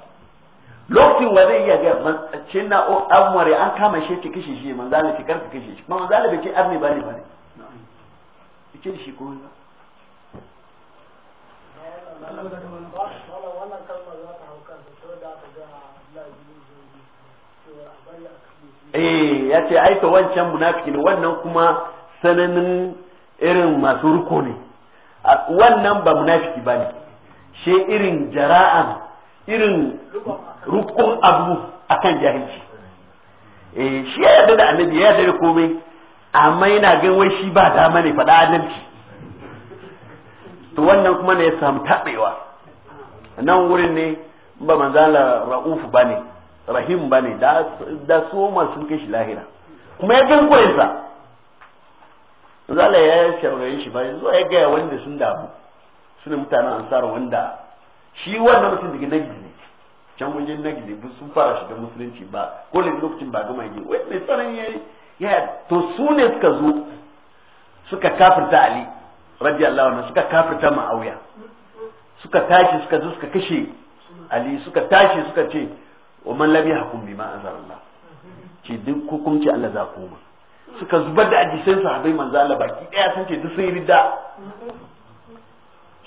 lokacin wa zai iya ga matsacin na amware an kama shi ki kishi shi manzo Allah ki karka kishi shi manzo Allah bai ce arni bane bane ce shi ko ba eh ya ce ai to wancan munafiki ne wannan kuma sananin irin masu ruko ne wannan ba munafiki bane she irin jara'a irin rukun abu akan jahilci E, shi ya yarda da annabi ya yarda da komai amma yana gan wai shi ba dama ne faɗa annabci to wannan kuma ne ya samu taɓewa nan wurin ne ba manzala ra'uf ba ne rahim ba ne da so masu kai shi lahira kuma ya gan kurinsa zala ya shaurayi shi ba zuwa ya gaya wanda sun damu suna mutanen ansar wanda shi wannan mutum daga nagidi ne can wajen nagidi bu sun fara shiga musulunci ba ko da lokacin ba gama yi wai mai tsanan ya ya to su ne suka zo suka kafirta ali radiyallahu anhu suka kafirta ma'auya suka tashi suka zo suka kashe ali suka tashi suka ce wa man lam yahkum bima anzalallah ce duk hukunci Allah za koma suka zubar da ajisan sahabbai manzo Allah baki daya sun ce duk sun yi bidda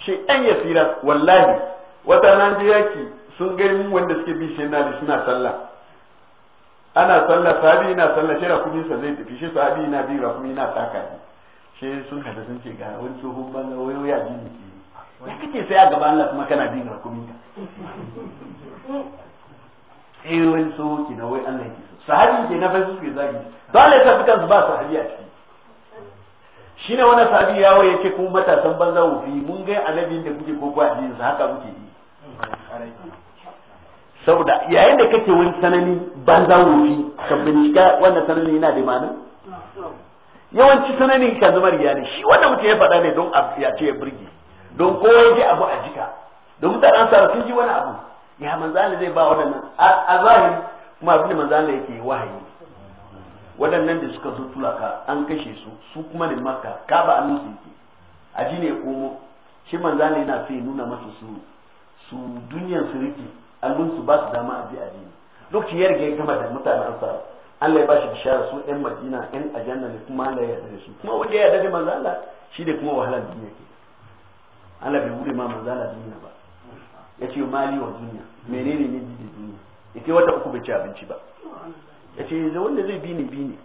shi ɗan ya tsira wallahi wata nan ji yaki sun gani wanda suke bi shi na suna sallah ana sallah sahabi na sallah shi rakumi sa zai tafi shi sahabi na bi rakumi na taka shi sun hada sun ce ga wani tsohon ga wani ya ji ne ya kake sai a gaba Allah kuma kana bin rakumi ka eh wani tsoho ki na wai Allah ki so sahabi ke na fasu ke zagi dole ta fitan su ba sahabi a ciki shine wani sahabi yawo yake kuma matasan banza wufi mun ga annabi da kuke ko kwa haka muke yi saboda yayin da kake wani sanani banza wufi ka bincika wannan sanani yana da ma'ana yawanci sanani ka zama riya ne shi wannan mutum ya faɗa ne don a ya ce ya burge don kowa ya abu a jika don mutane an sa sun ji wani abu ya manzo zai ba waɗannan a zahiri kuma abin da manzo Allah yake wahayi waɗannan da suka zo tulaka an kashe su su kuma ne maka ka ba annu su yake ji ne komo shi manzo Allah yana so ya nuna masa su su duniyar su riki allon su ba su dama a bi addini lokacin ya riga ya gama da mutanen ansar Allah ya ba shi bishara su ɗan Madina ɗan ajanna ne kuma Allah ya yarda su kuma wanda ya yarda da manzo Allah shi da kuma wahalar duniya ke Allah bai wure ma manzo Allah duniya ba ya ce mali wa duniya menene ne ji da duniya ita wata uku bai ci abinci ba ya ce da wanda zai bi ni bi ni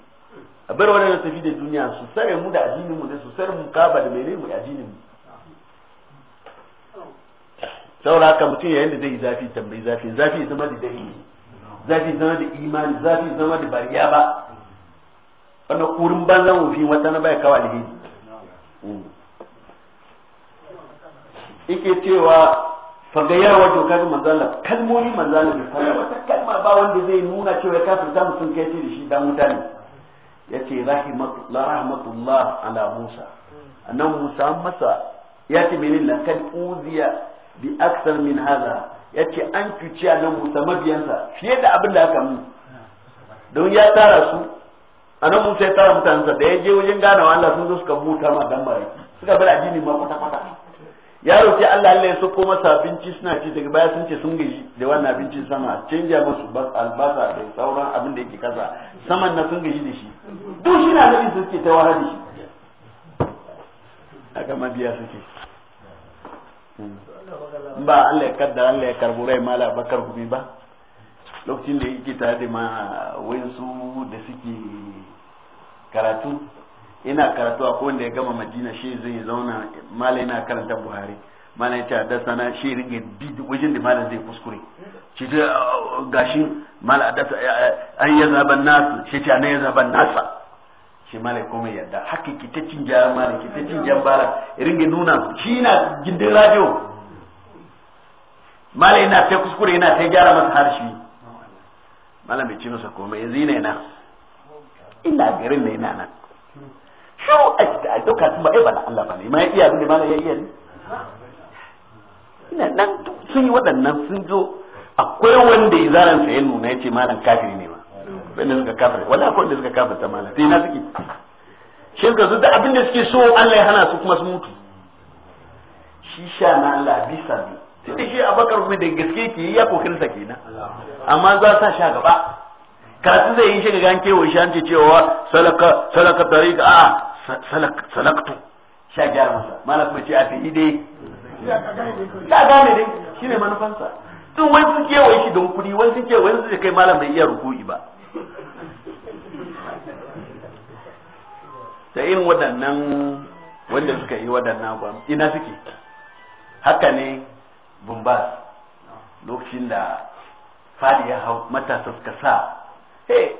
a bar wannan tafi da duniya su sare mu da addinin mu da su sare mu kaba da menene mu addinin mu saboda haka mutum yayin da zai yi zafi tambayi zafi zafi zama da dalili zafi zama da imani zafi zama da bariya ba wannan kurin zan wufi wata na mm. bai kawai alheri ike cewa fagayar wajen kaga manzala kalmomi manzala da fara wata kalma ba wanda zai nuna cewa ya kafin ta mutum kai ce da shi dan mutane ne ya ce rahmatullah ala musa annan musa masa ya ce mene lakal uziya bi aksar min haza ya ce an cuci a nan musa mabiyansa fiye da abin da aka mu don ya tara su a nan musa ya tara mutanensa da ya je wajen ganawa Allah sun zo suka buta ma dan bari suka bar addini ma kwata kwata yaro ce Allah Allah ya sako masa abinci suna ci daga baya sun ce sun gaji da wannan abincin sama canja musu albasa da sauran abin da yake kasa saman na sun gaji da shi duk shi na nabi suke ta wara da shi aka mabiya suke hmm. ba Allah ya kaddara Allah ya karbu rai mala bakar gumi ba lokacin da yake tare da ma wayansu da suke karatu ina karatu a ko wanda ya gama madina shi zai zauna mala yana karanta buhari mana ya ce sana shi ringe wajen da mala zai kuskure shi ce oh, gashi mala haddasa an ya zaban nasu shi ce an ya zaban nasa shi mala komai yadda haka ki ta cin jara mala ki ta cin jara ringe nuna shi na gindin radio mala yana sai kuskure yana sai gyara masa harshe mala bai ci masa komai yanzu yana yana ina garin ne yana nan shiru a cikin ayyuka sun ba'ai ba na Allah ba ne ma ya iya zuwa da mala ya iya ne ina nan sun yi waɗannan sun zo akwai wanda ya zaran sa ya nuna ya ce malam kafiri ne ma wanda suka kafiri wala akwai wanda suka kafiri ta malam sai na suke shi suka zo da abin da suke so Allah ya hana su kuma su mutu shi sha na Allah bisa bi sai shi abakar mai da gaske ke yi ya kokarin sa kenan amma za sa sha gaba karatu zai yi shiga ga an shi an ce cewa salaka salaka tariqa a salak salaktu sha gyara masa mana kuma ce a fi dai ta gane dai shine manufansa tun wai sun kewaye shi don kuɗi wai sun kewaye zai kai malam bai iya ruku'i ba da in waɗannan wanda suka yi waɗannan ba ina suke haka ne bumbas lokacin da fadi ya hau matasa suka sa he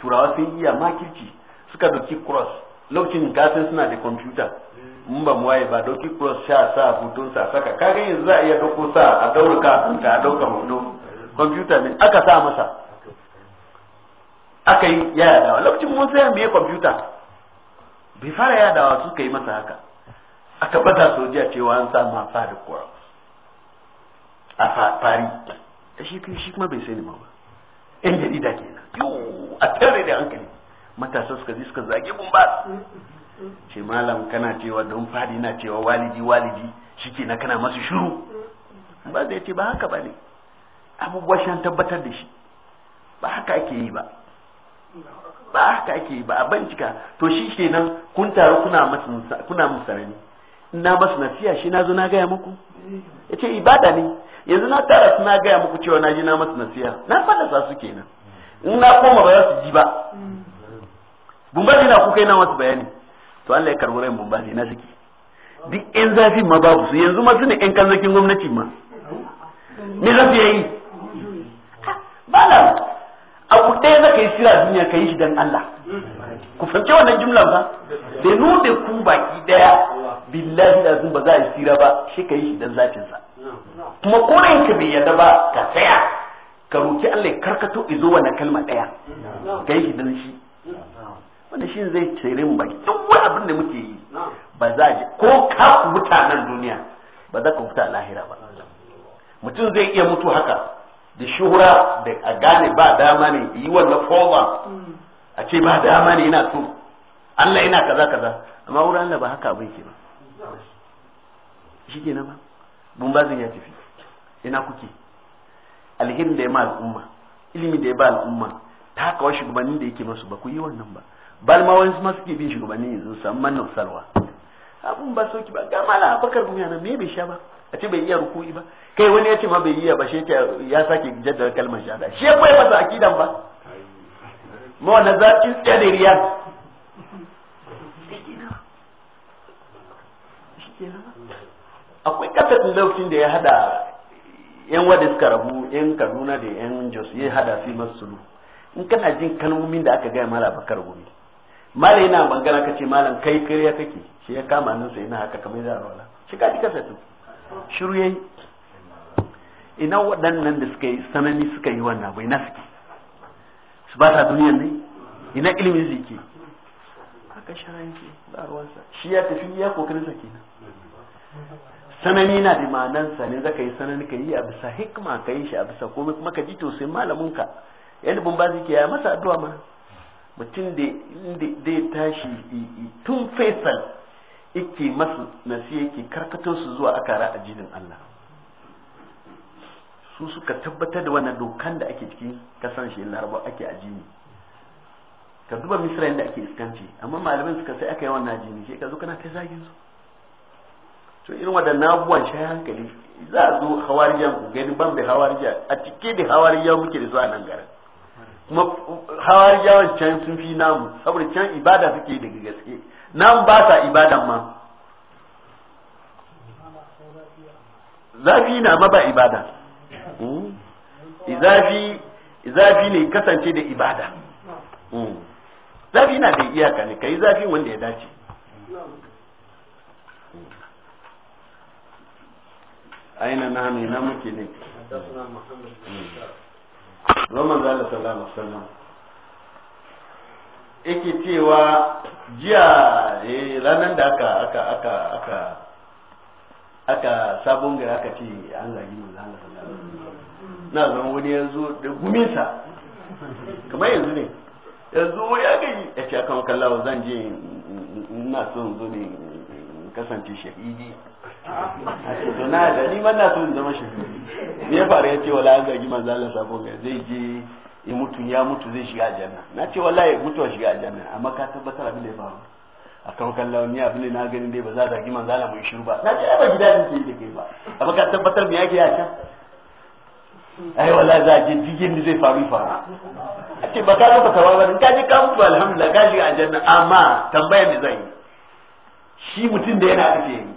turawa sun iya makirci suka doki cross lokacin gasin suna da kwamfuta mun ba mu waye ba doki cross sha sa hoton sa saka kaga yanzu za a iya doko sa a dauraka ka a dauka hoto kwamfuta ne aka sa masa aka yi yaya dawa lokacin mun sayan biye kwamfuta bai fara yadawa suka yi masa haka aka bada sojiya cewa an sa ma da kuwa a fari da shi kai shi kuma bai sani ma ba yan jarida kenan yau a tare da hankali matasa suka ji suka zage ba ce malam kana cewa don fadi na cewa walidi walidi shike na kana masu shuru ba zai ce ba haka ba ne abubuwa shan tabbatar da shi ba haka ake yi ba ba haka ake yi ba a bincika to shi kenan kun taru kuna musu sarani na masu nasiya shi na zo na gaya muku ya ce ibada ne yanzu na tara su na gaya muku cewa na ji na masu nasiya na sa su kenan in na koma ba za su ji ba bumbazi na kuka yana masu bayani to Allah ya karbi rayin bumbazi na suke duk yan zafi ma babu su yanzu ma su ne yan kanzakin gwamnati ma me za su yi ba na abu ɗaya za ka yi sira duniya ka yi shi don Allah ku fahimci wannan jumla ba da nuna ku baki daya billahi lazim ba za a yi tsira ba shi ka yi shi dan zafin kuma ko in ka bai yarda ba ka tsaya ka roki Allah ya karkato izo wannan kalma daya ka yi shi dan shi wannan shi zai tsere mu baki duk wani abin da muke yi ba za a ji ko ka mutanen duniya ba za ka huta lahira ba mutum zai iya mutu haka da shuhura da a gane ba dama ne yi wannan foba. a ce ba dama ne yana so Allah yana kaza kaza amma wurin Allah ba haka bai ke ba shi ke ba bumbazin ya tafi ina kuke alherin da ya ma al'umma ilimin da ya ba al'umma ta kawo shugabannin da yake masu ba ku yi wannan ba bal ma wani ma suke bin shugabannin yanzu san mannan salwa abun ba soki ba ga mala abakar duniya nan me bai sha ba a ce bai iya ruku'i ba kai wani ya ce ma bai iya ba shi ya sake jaddada kalmar shahada shi ya koyi masa akidan ba ma wanda za ki tsaya da riya shi akwai kasafin lokacin da ya hada yan wadda suka rabu yan kaduna da yan jos ya hada fi masulu in kana jin kalmomin da aka gaya mala bakar gumi mala yana bangana ka ce malam kai kariya kake shi ya kama nan sai na haka kamar zai rola shi ka ji kasafin shiru yayi ina waɗannan da suka yi sanani suka yi wannan bai na suke su ba ta duniyan ne ina ilimin zike haka shara yake ba ruwansa shi ya tafi ya kokarin sa kenan sanani na da manansa sa ne zaka yi sanani ka yi a bisa hikma ka yi shi a bisa komai kuma ka ji tausayin malamin ka yadda ba zike ya masa addu'a ma mutum da zai tashi tun faisal yake masu nasi yake karkato su zuwa akara a jinin Allah su suka tabbatar da wannan dokan da ake cikin kasan shi laraba ake ajini ka duba misra yadda ake iskanci amma malamin suka sai aka yi wannan ajini sai ka zo kana ta zagin su to irin waɗannan abubuwan shi hankali za a zo hawarijan ku gani ban da hawarija a cike da hawarija muke da zuwa nan garin kuma hawarijawan can sun fi namu saboda can ibada suke daga gaske nan ba sa ibadan ma zafi na ma ba ibada hmm? zafi zafi ne kasance da ibada hmm. zafi na da iyaka ne kai zafi wanda ya dace aina na hannu na muke ne roman zala salama salam. yake cewa jiya eh, ranar da aka aka aka aka aka sabon gari aka ce an zagi mu zanga na zan wani yanzu da guminsa kamar yanzu ne yanzu wani aka yi ya ce aka makallawa zan je ina son zo ne kasance shahidi a ce na da ni man na so in zama shi me ya faru ya ce wala an zagi manzo Allah sabon ga zai je ya mutu ya mutu zai shiga aljanna na ce wallahi mutuwa shiga aljanna amma ka tabbatar abin da ya faru a kan kallon ni abin da na gani dai ba za a zagi manzo Allah mu shiru ba na ce ai ba gida din ke da kai ba amma ka tabbatar me yake ya can ai wallahi za a je digin da zai faru faru a ce ba ka ga fatawa ba ka je ka mutu alhamdulillah ka shiga aljanna amma tambaya me zai yi shi mutum da yana ake yi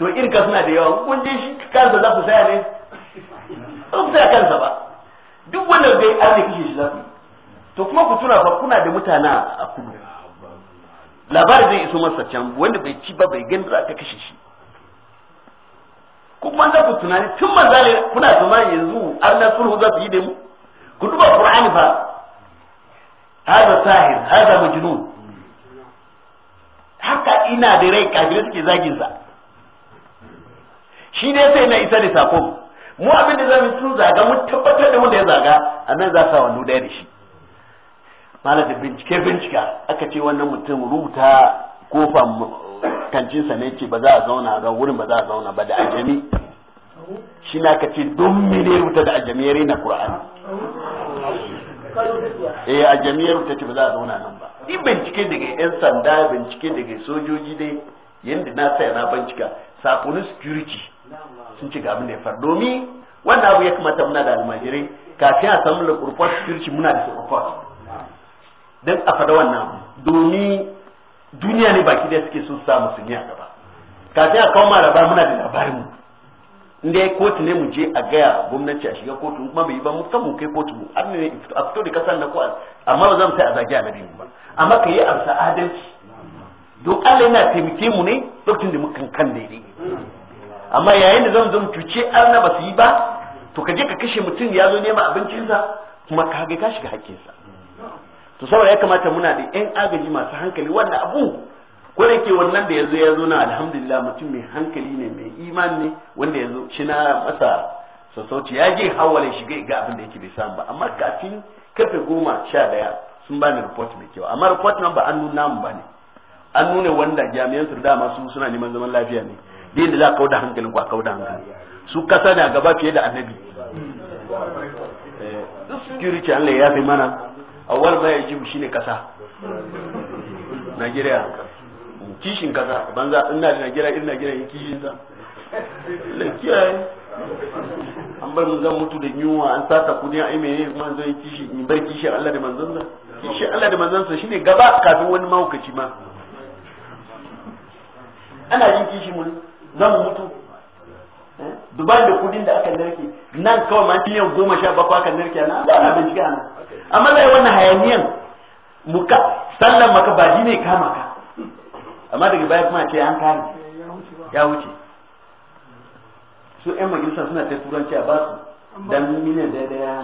to irka suna da yawa kun je shi kansa za ku saya ne ba ku saya kansa ba duk wanda bai arziki shi za ku to kuma ku tuna fa kuna da mutane a kudu labarin zai iso masa can wanda bai ci ba bai gani za ta kashe shi ku kuma za ku tunani tun manzali kuna tunani yanzu na sulhu za su yi da mu ku duba qur'ani fa hada sahir hada majnun haka ina da rai kafirai suke zagin sa shi ne sai na isa da sako mu abin da zamu sun zaga mu tabbatar da wanda ya zaga annan za sa wannan daya da shi malamin bincike bincika aka ce wannan mutum rubuta kofa kancinsa ne ce ba za a zauna ga wurin ba za a zauna ba da ajami shi na ka ce don ne rubuta da ajami ya rena qur'ani eh ajami ya rubuta ce ba za a zauna nan ba in bincike daga yan sanda bincike daga sojoji dai yadda na saya na bincika sakonin security sun ci ga abin da ya faru domin abu ya kamata muna da almajirai kafin a samu da kurfar kirci muna da kurfar don a faɗa wannan domin duniya ne baki da suke sun sa musulmi a gaba kafin a kawo maraba muna da labarin mu inda ya kotu ne mu je a gaya gwamnati a shiga kotu kuma bai yi ba mu kan mu kai kotu mu an ne a fito da kasar na ko amma ba za mu sai a zagi annabi mu ba amma ka yi amsa adalci don Allah yana taimake mu ne lokacin da mukan kan daidai amma yayin da zan zo cuce arna ba su yi ba to ka je ka kashe mutum ya zo nema abincinsa kuma ka ga ka shiga hakkinsa to saboda ya kamata muna da yan agaji masu hankali wannan abu ko da ke wannan da yazo ya zo na alhamdulillah mutum mai hankali ne mai imani ne wanda ya shi na masa sosoci ya je hawale shiga ga abin da yake bai samu ba amma kafin karfe goma sha daya sun ba ni report mai kyau amma report nan ba an nuna mu ba ne an nuna wanda jami'an su dama suna neman zaman lafiya ne din da za ka da hankalin ku a kauda hankali su kasa na gaba fiye da annabi eh, duk security Allah ya fi mana awwal ma yaji shine kasa Najeriya kishin kasa banza ina da Najeriya ina Najeriya in kishin sa lakiyaye an bar mun zan mutu da yunwa an sata kudi a ime man zan kishi in bar kishi Allah da manzon sa kishi Allah da manzon sa shine gaba kafin wani mahaukaci ma ana yin kishi mun nan mutu duban da kudin da aka narke nan kawai ma miliyan goma sha bakwai aka narke nan da ana bincika nan amma zai wannan hayaniyan muka sallan maka ba ne kama ka amma daga baya kuma ce an kare ya wuce su yan majalisa suna ta turanci a basu dan miliyan daya daya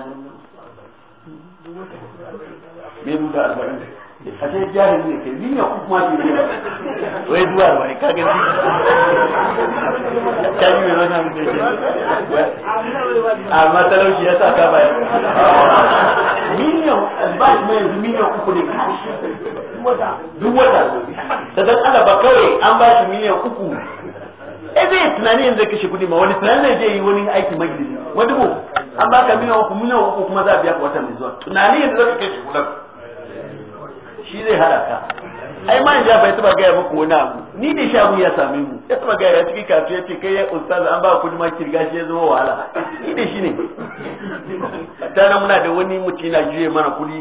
ne buga arba'in a sai jahil ne ke ni ya kuma ke ne wai duwa wai ka ga ni ka yi mai wannan da ke amma talauci ya sa ka bai miliyan albashi mai yanzu miliyan uku ne duk wata da dan Allah ba kawai an ba shi miliyan uku eh zai tunani yanzu zai kashe kuɗi ma wani tunani ne zai yi wani aiki majalisi wani dubu an baka miliyan uku miliyan uku kuma za a biya ka wata mai zuwa tunani yanzu zai kashe kuɗin shi zai haraka ai man ja bai taba gaya muku wani abu ni ne shamu ya same mu ya taba gaya cikin kafi ya ce kai ya ustaz an ba kudi ma kirga shi ya zama wahala ni ne shi ne tana muna da wani mutum na juye mana kudi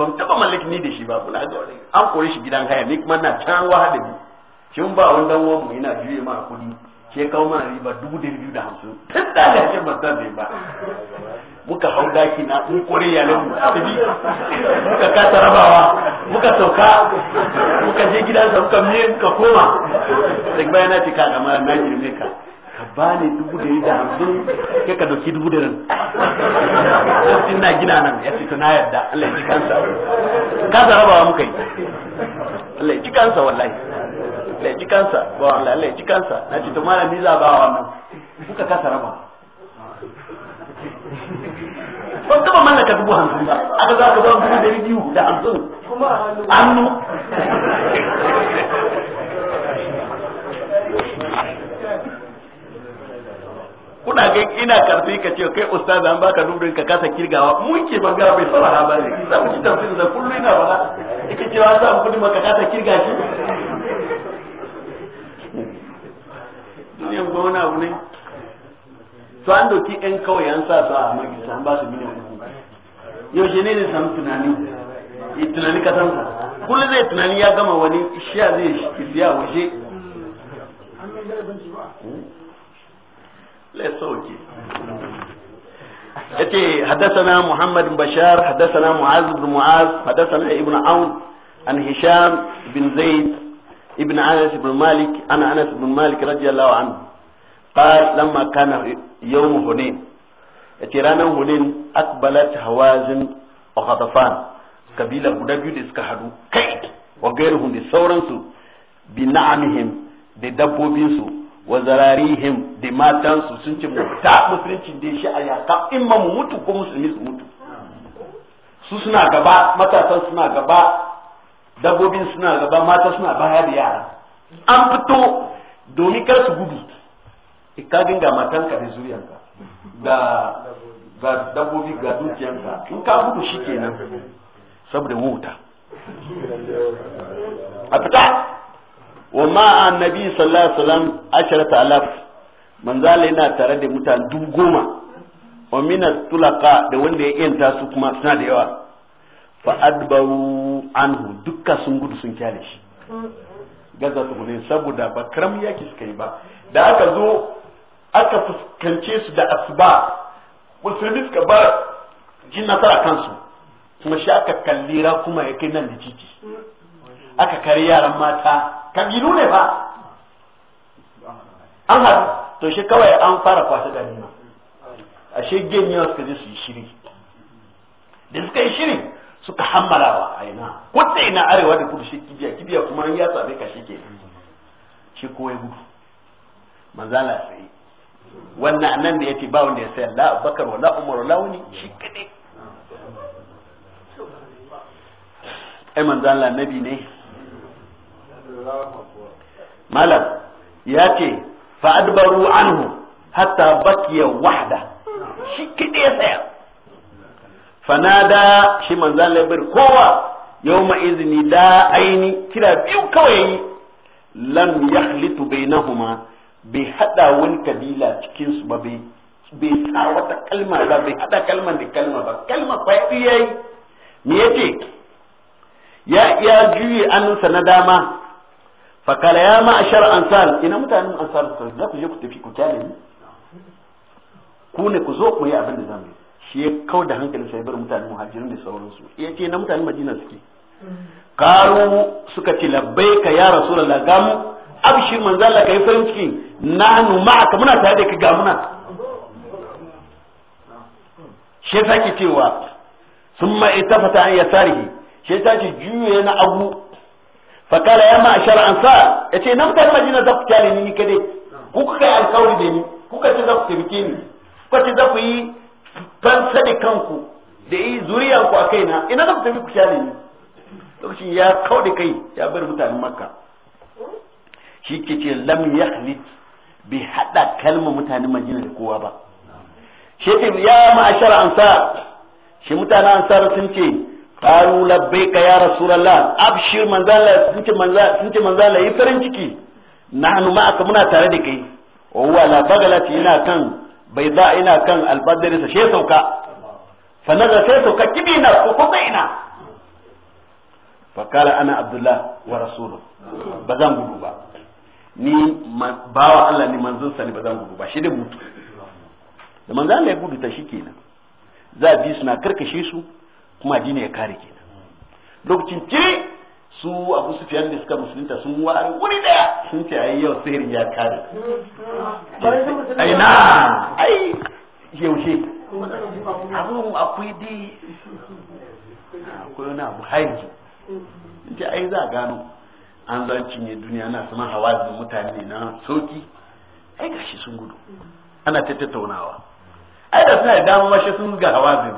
ban taba mallaki ni da shi ba kula ga wani an kore shi gidan haya ni kuma na can wahala ni shin ba wani dan uwan mu yana juye mana kudi ke kawo mana riba dubu da biyu da hamsin tun da ya ce ban san ba muka hau daki na mun kore yalan mu tabi muka kasa rabawa muka sauka muka je sa muka miye muka koma sai bayan na tika ga mai na girme ka ka bani dubu da da hamsin kai ka dauki dubu da nan sun na gina nan ya ce to na yarda Allah ya ji kansa kasa rabawa muka yi Allah ya ji kansa wallahi Allah ya ji kansa ba Allah ya ji kansa na ce to malami za nan wannan muka kasa rabawa ban taba mallaka dubu hamsin ba aka za ka zama dubu dari biyu da hamsin hannu kuna ga ina karfi ka ce kai ustaz an baka dubu ka kasa kirgawa mun ke ban bai sarara ba ne za mu ci tafsir da kullu ina ba yake cewa za mu kudi maka kasa kirga shi duniyan gona ne to an dauki yan kawai an sa su a magisa an ba su miliyan uku shi ne ne samu tunani ya tunani kasansa kullum zai tunani ya gama wani shiya zai shi siya waje lai sauke yace haddathana muhammad bin bashar haddathana mu'az bin mu'az haddathana ibn aun an hisham bin zaid ibn anas bin malik ana anas bin malik radiyallahu قال لما كان يوم هنين yace هنين hunin هوازن hawazin wa khatafan kabila guda biyu da suka hadu kai wa gairuhum da sauransu bi na'amihim da dabbobinsu wa zararihim da matansu sun ce mutta musulunci su su suna gaba matasan suna gaba dabbobin suna gaba mata suna baya da yara an fito domin kar su gudu ka ga matanka da zuriyanka da ga dabbobi ga dukiyanka in ka gudu shi kenan saboda wuta a fita wa ma annabi sallallahu alaihi wasallam asharata alaf manzala yana tare da mutane dubu goma wa minas tulaka da wanda ya yanta su kuma suna da yawa fa adbaru anhu dukka sun gudu sun kyale shi gaza tukunin saboda ba karam yaki suka yi ba da aka zo aka fuskance su da asuba musulmi suka ba jin nasara kansu kuma shi aka kalli kuma ya kai nan da titi aka kare yaran mata kabilu ne ba an haɗu to shi kawai an fara kwasa ganima ashe genyewa suka je su yi shiri da suka yi shiri suka hammalawa a ina wata ina arewa da kudu shi kibiya kibiya kuma ya sami ka ke shi kowai gudu manzala sai wannan annan da yace ba wanda ya sayar la Abubakar wala Umar wala wani shi kade ai manzo Allah nabi ne malam ya ce fa adbaru anhu hatta bakiya wahda shi kade ya saya fanada shi manzo Allah bar kowa yawma izni da aini kira biyu kawai lam yakhlitu bainahuma bai hada wani kabila cikin su ba bai sa wata kalma ba bai hada kalma da kalma ba kalma kwaya yayi me yace ya ya juyi annunsa na dama fakala ya ma ashar ansar ina mutanen ansar su za ku je ku tafi ku kyale ni ku ne ku zo ku yi abin da zamu shi ya kau da hankalin sai bar mutanen muhajirin da sauransu ya ce na mutanen madina suke hmm. karu suka ce labbaika ya rasulullah gamu abshi manzo Allah kai farin ciki nahnu ma'aka muna tare da ka ga muna she ta ki cewa summa itafata an yasarihi she ta ki juye na abu kala ya ma'ashar ansar ya yace na mutane majina za ku kare ni kadai ku kuka yi alkawari da ni kuka ce za ku taimake ni kuka ce za ku yi fansa da kanku da yi ku a kaina ina za ku tafi ku kare ni lokacin ya kau da kai ya bar mutanen makka shi ke ce lam yahlit bi hada kalma mutanen madina da kowa ba shi ke ya ma'ashar ansa shi mutanen ansar sun ce labai ka ya rasulullah abshir manzala sun ce manzala yi farin ciki nahnu ma'aka muna tare da kai wa huwa la bagalati ina kan bai za ina kan albadari shi sauka fa nazar sai sauka kibina ko kuma ina fakala kala ana abdullah wa rasuluhu ba zan gudu ba ni bawa Allah ne manzon sa ne ba zan gudu ba shi da mutu da manzon Allah ya gudu ta shikenan za a bi suna karkashe su kuma addini ya kare kenan lokacin cire su abu su sufiyan da suka musulunta sun ware wuri daya sun ce ayi yau sihirin ya kare ai na ai yaushe abu akwai dai akwai wani abu haini ce ai za a gano an zan cinye duniya ana hawa da mutane na sauki ai gashi sun gudu ana ta tattaunawa ai da suna da dama shi sun ga hawazin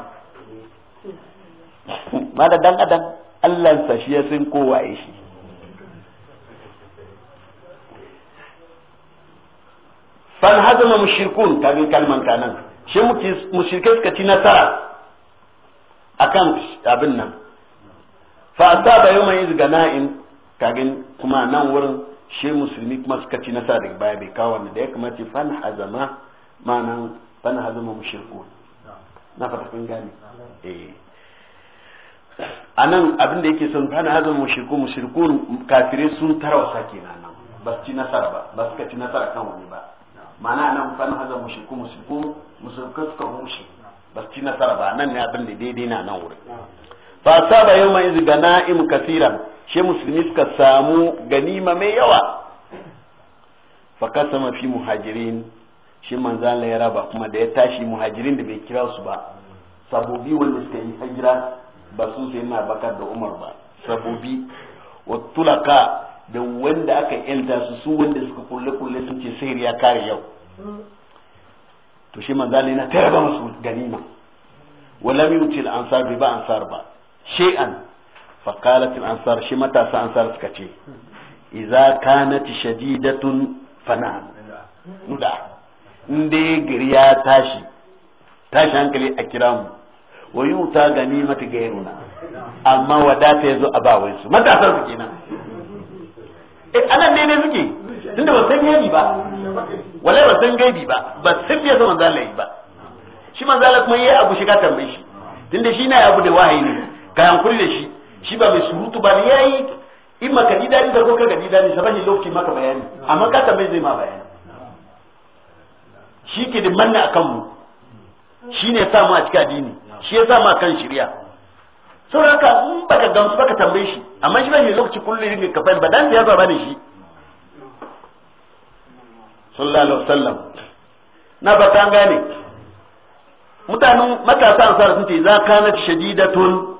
ma da dan adam Allah sa shi ya san kowa ya shi fan hazama mushrikun kaga kalman kanan shi mushrikai suka ci nasara akan abin nan fa asaba yawma iz gana'im kagin kuma nan wurin shi musulmi kuma suka ci nasa daga baya bai kawo wanda da ya kamata fan hazama ma'anan fan hazama mushirku na fata kun gane eh. a nan abin da yake son fan hazama mushirku mushirku kafirai sun tarwasa kenan nan ba su ci nasara ba ba suka ci nasara kan wani ba ma'ana nan fan hazama mushirku mushirku musulka suka rushe ba su ci nasara ba nan ne abin da daidai na nan wurin fa saba yau mai ga na'im kasiran she musulmi suka samu ganima mai yawa fa kasama fi muhajirin shi Allah ya raba kuma da ya tashi muhajirin da bai kira su ba sabobi wanda suka yi hijira ba su sai na bakar da umar ba sabobi wa tulaka da wanda aka yanta su su wanda suka kulle kulle sun ce sai ya kare yau to shi Allah yana ta raba musu ganima wala mi wuce ansar bai ba ansar ba shay'an faqalat al-ansar shi matasa ansar suka ce idza kanat shadidatun fana nuda inde gari ya tashi tashi hankali a kira mu wa gani mata gairuna amma wadata yazo a bawai su matasan su kenan eh anan ne ne suke tunda ba san gaibi ba wallahi ba san gaibi ba ba san fiye manzo Allah ba shi manzala kuma yayi abu shiga tambayi shi tunda shi na abu da wahayi ne ka hankuri da shi shi ba mai surutu ba ne yayi in maka ji dadi da ko ka ji dadi sabashi lokaci maka bayani amma ka tambaye zai ma bayani shi ke da manna a kanmu. shi ne sa mu a cikin addini shi ya sa mu kan shirya saboda haka in baka gamsu baka tambaye shi amma shi ba mai lokaci kullum ringa kafai ba dan siyasa ba ne shi sallallahu alaihi wasallam na ba ta gane mutanen matasa ansar sun ce za kana shadidatun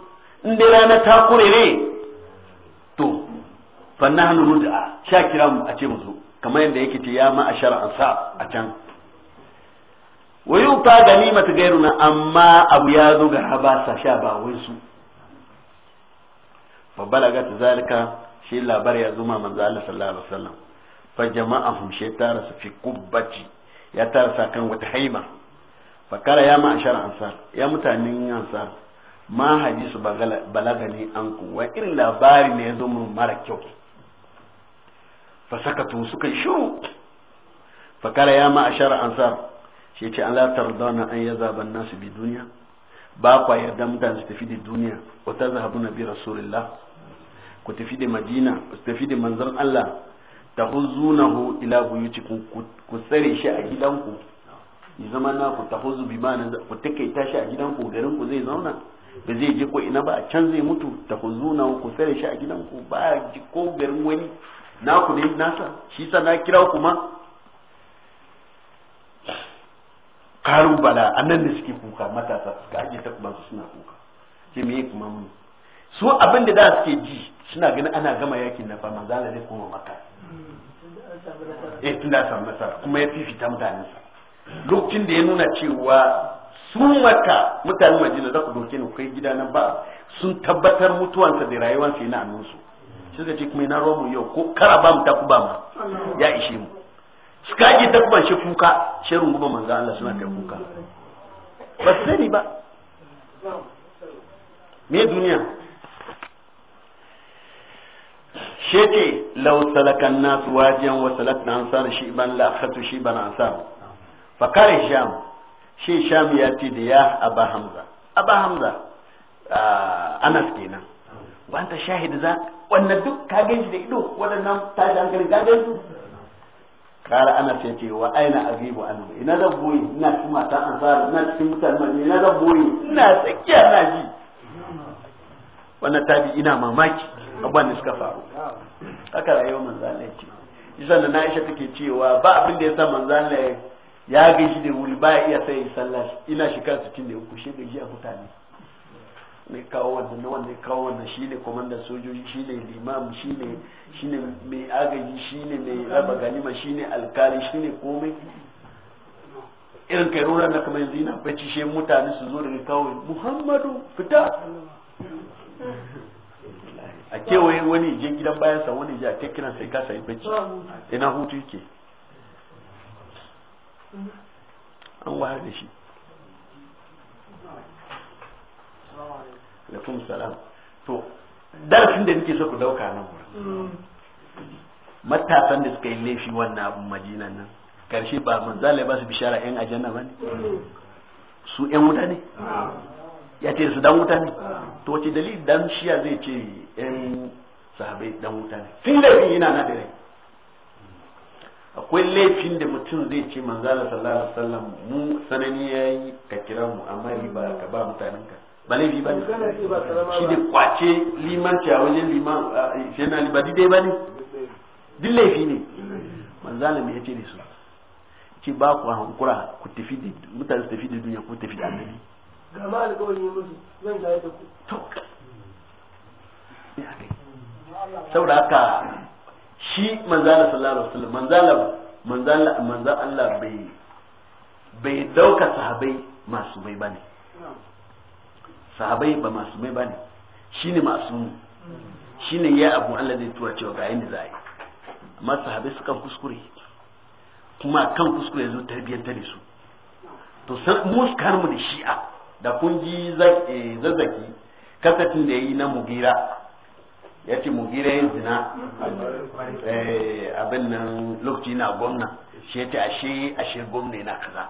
in dai rana ta kure ne. to fa nahnu nud'a sha kira mu a ce mu zo kamar yadda yake ce ya ma a shar'an sa a can wa mata gairu na amma abu ya zo ga sa sha ba wai su fa balagat zalika shi labar ya zuma manzo Allah sallallahu alaihi wasallam fa jama'ahum shi tara su fi kubbati ya tara kan wata haima fa kara ya ma a shar'an sa ya mutanen yansa ma hadisu balaga ne an kuwa irin labari ne ya zo mun mara kyau fasakatu suka shiru fakara ya ma ashar ansar shi ce an la tardana an ya yazaba nasu bi duniya ba kwa yarda mutane su tafi da duniya wa ta zahabu na bi ku tafi da madina ku tafi da manzon Allah ta huzunahu ila buyutikum ku tsare shi a gidanku ya zama na ku ta huzu bi ma ku take tashi a gidanku garin ku zai zauna ba zai je ko ina ba a can zai mutu ta ku zuna ku tsare shi a gidanku ba a ji ko garin wani ku ne nasa shi sa na kira ku ma karu bala annan da suke kuka matasa ga aje ta kuma suna kuka ce me kuma mu su abin da da suke ji suna ganin ana gama yakin na fama zala zai koma maka eh tunda san samu nasara kuma ya fifita sa lokacin da ya nuna cewa su maka mutanen majina za ku doke ni kai gida nan ba sun tabbatar mutuwansa da rayuwarsa yana su shi suka ce kuma ina romu yau ko kara ba mu ta ba ma ya ishe mu suka ji ta kuma shi kuka shi runguma manzo Allah suna kai kuka ba su sani ba me duniya shi ce lau salakan nasu wajen wa na ansar shi ban la khatu shi ban ansar fa kare sham shi Shamu ya ce da ya aba hamza aba hamza anas kenan wanta shahid za wannan duk ka gan da ido waɗannan tashi hankali ka gan su kara anas ya ce wa aina azibu anhu ina zan boye ina cikin mata ansar ina cikin mutane mai ina zan boye ina tsakiya na ji wannan tabi ina mamaki abubuwan da suka faru haka rayuwar manzo Allah ya ce isa da na Aisha take cewa ba abin da ya sa manzo Allah ya gaji da wuri ba iya sai yi sallah ina su cin da uku shi gaji a mutane mai kawo wannan na wanda kawo wannan shi ne komandan sojoji shi ne limam shi ne shi ne mai agaji shi ne mai raba ganima shi ne alkali shi ne komai irin kai ruran na kamar yanzu ina bacci shi mutane su zo daga kawo muhammadu fita a kewaye wani je gidan bayansa wani je a kai kiran sai ka sai bacci ina hutu yake an wahar da shi alaikum salam to darasin da nake so ku dauka nan matasan da suka yi laifi wannan abun majinan nan karshe ba manzala ba su bishara yan ajanna ba ne su yan wuta ne ya ce su dan wuta ne to ce dalil dan shiya zai ce yan sahabai dan wuta ne tun da yana na da rai akwai laifin da mutum zai ce manzala sallallahu alaihi wasallam mu sanani yayi ka kira mu amma riba ka ba mutanen ka ba laifi ba shi da kwace limanci a wajen liman yana ba dai ba ne duk laifi ne manzala mai yace da su ce ba ku hankura ku tafi da mutane su tafi da duniya ku tafi da annabi ga ma alƙawari musu zan da ku to saboda haka shi manzala sallallahu alaihi wasallam manzala manzala manza Allah bai bai dauka sahabai masu bai bane sahabai ba masu bai bane shine masu shine ya abu Allah zai tura cewa ga yanda za a yi amma sahabai suka kuskure kuma kan kuskure ya zo tarbiyyantar da su to san mu kar mu da shi'a da kun ji eh, zazzaki kakatin da yayi na mugira ya ce gira yin zina eh, abin nan lokaci na gwamna shi ya ce ashe ashe gwamna yana kaza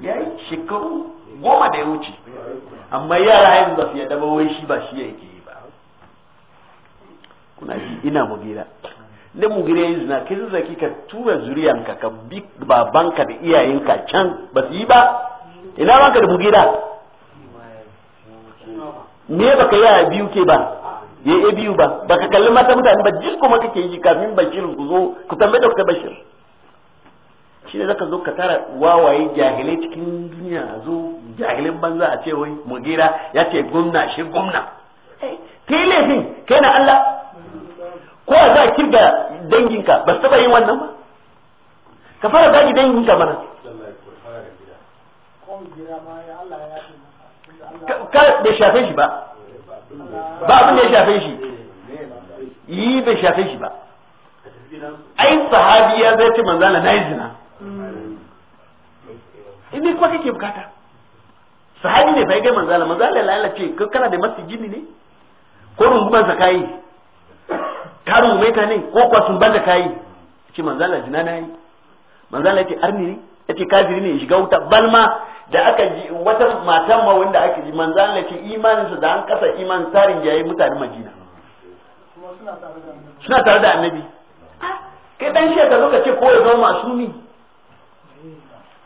ya yi shekaru goma da ya wuce amma yara yanzu ba su yadda ba wai shi ba shi yake yi ba kuna ji ina mugira ne gira yin zina kai ki ka tura zuriyanka ka bi babanka da iyayenka can ba su yi ba ina banka da mugira me baka yara biyu ke ba ya yi biyu ba ba ka kalli mata mutane ba jil kuma kake yi kafin bashir ku zo ku tambaye dokta bashir shi ne zaka zo ka tara wawaye jahilai cikin duniya a zo jahilin banza a ce wai mugira ya ce gwamna shi gwamna ta eh, yi laifin kai na Allah ko a za kirga danginka ba su taba yin wannan ba ka fara bagi danginka mana ka da shafe shi ba ba abin da ya shafe shi yi bai shafe shi ba ai sahabi ya zai ce manzana na yi zina in kuma kake bukata sahabi ne bai manzana manzala manzala lalace kana da masjidi ne ko rungumar sa kayi ka rungume ta ne ko kwa tumban da kayi ce manzala zina na yi manzala ya ce arni ne ya ce kafiri ne ya shiga wuta balma da aka ji wata matan ma wanda aka ji manzo Allah ce imaninsa da an kasa iman tarin yayi mutane Madina suna tare da annabi ah, kai dan shi ka zo ka ce ko ya zama masumi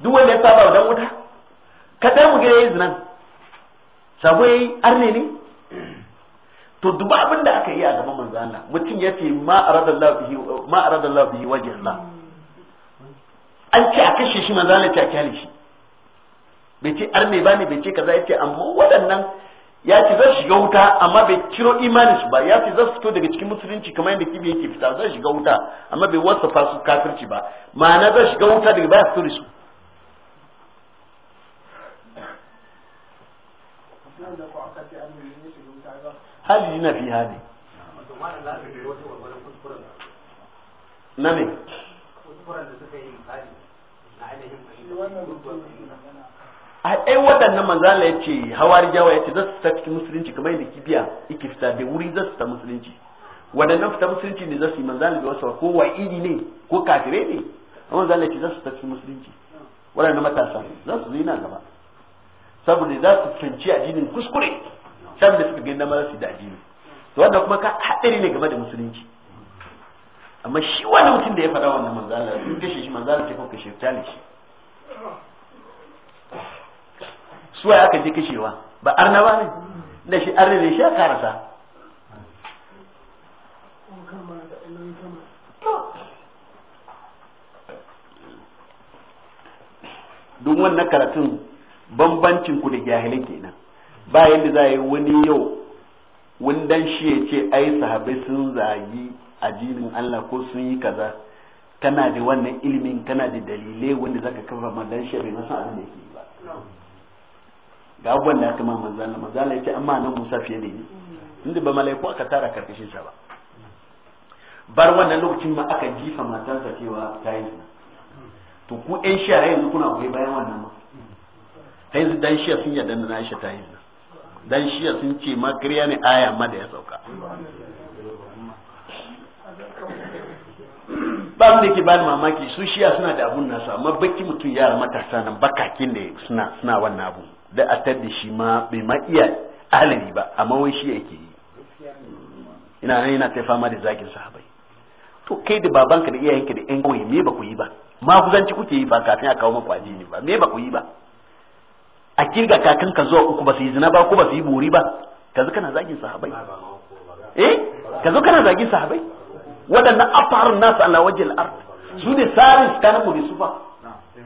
duk wanda ya saba dan wuta ka dai mu gare yayi zinan sabo yayi arne ne to duba abin da aka yi a gaban manzo Allah mutum ya ce ma aradallahu bihi ma aradallahu bihi wajhi Allah an ce a kashe shi manzo Allah ya a kyale shi bai ce arme ba ne bai ce kaza yace amma waɗannan ya ce zan shiga wuta amma bai ciro imanin su ba ya ce zan fito daga cikin musulunci kamar yadda kibi yake fita zan shiga wuta amma bai wasafa su kafirci ba ma'ana zan shiga wuta daga baya fito da su hali yana fi hali na ne a ɗai waɗannan manzala ya ce hawar jawa ya ce za su fita musulunci kamar yadda kibiya yake fita da wuri za su fita musulunci waɗannan fita musulunci ne za su yi manzala da wasu ko wa'idi ne ko kafire ne amma manzala ya ce za su fita musulunci waɗannan matasa za su zina gaba saboda za su fahimci addinin kuskure can da suka gani na mara su da addini to wannan kuma ka haɗari ne game da musulunci amma shi wani mutum da ya faɗa wannan manzala sun kashe shi manzala ce kuma kashe tale shi suwa aka ji kashewa ba arna ba ne da shi arna ne shi a karasa duk wannan karatun bambancin ku da jahilin kenan ba yadda za a yi wani yau wundan shi ya ce ai sahabai sun zagi a addinin Allah ko sun yi kaza kana da wannan ilimin kana da dalilai wanda zaka kafa madan shi bai masa abin da yake ba ga abubuwan da aka ma manzala manzala yace amma nan Musa fiye da ni inda ba malaiku aka tara karkashin sa ba bar wannan lokacin ma aka jifa matarsa cewa ta yi to ku ɗan shiya yanzu kuna goyi bayan wannan ma ta yanzu dan shiya sun yadda na Aisha ta yi dan shiya sun ce ma kariya ne aya ma da ya sauka ba mu da ke bani mamaki su shiya suna da abun nasu amma baki mutum yara matasa nan bakakin da suna suna wannan abu da a tadda shi ma bai ma iya ahalari ba amma wai shi yake yi ina nan yana ta fama da zakin sahabai to kai da babanka da iyayenka da yan kawai me ba ku yi ba ma kuzanci kuke yi ba kafin a kawo maku addini ba me ba ku yi ba a kirga kakan ka zuwa uku ba su yi zina ba ko ba su yi bori ba ka zo kana zagin sahabai eh ka zo kana zagin sahabai waɗannan afarun nasu ala wajhil ard su ne sarin tsakanin mu ne su ba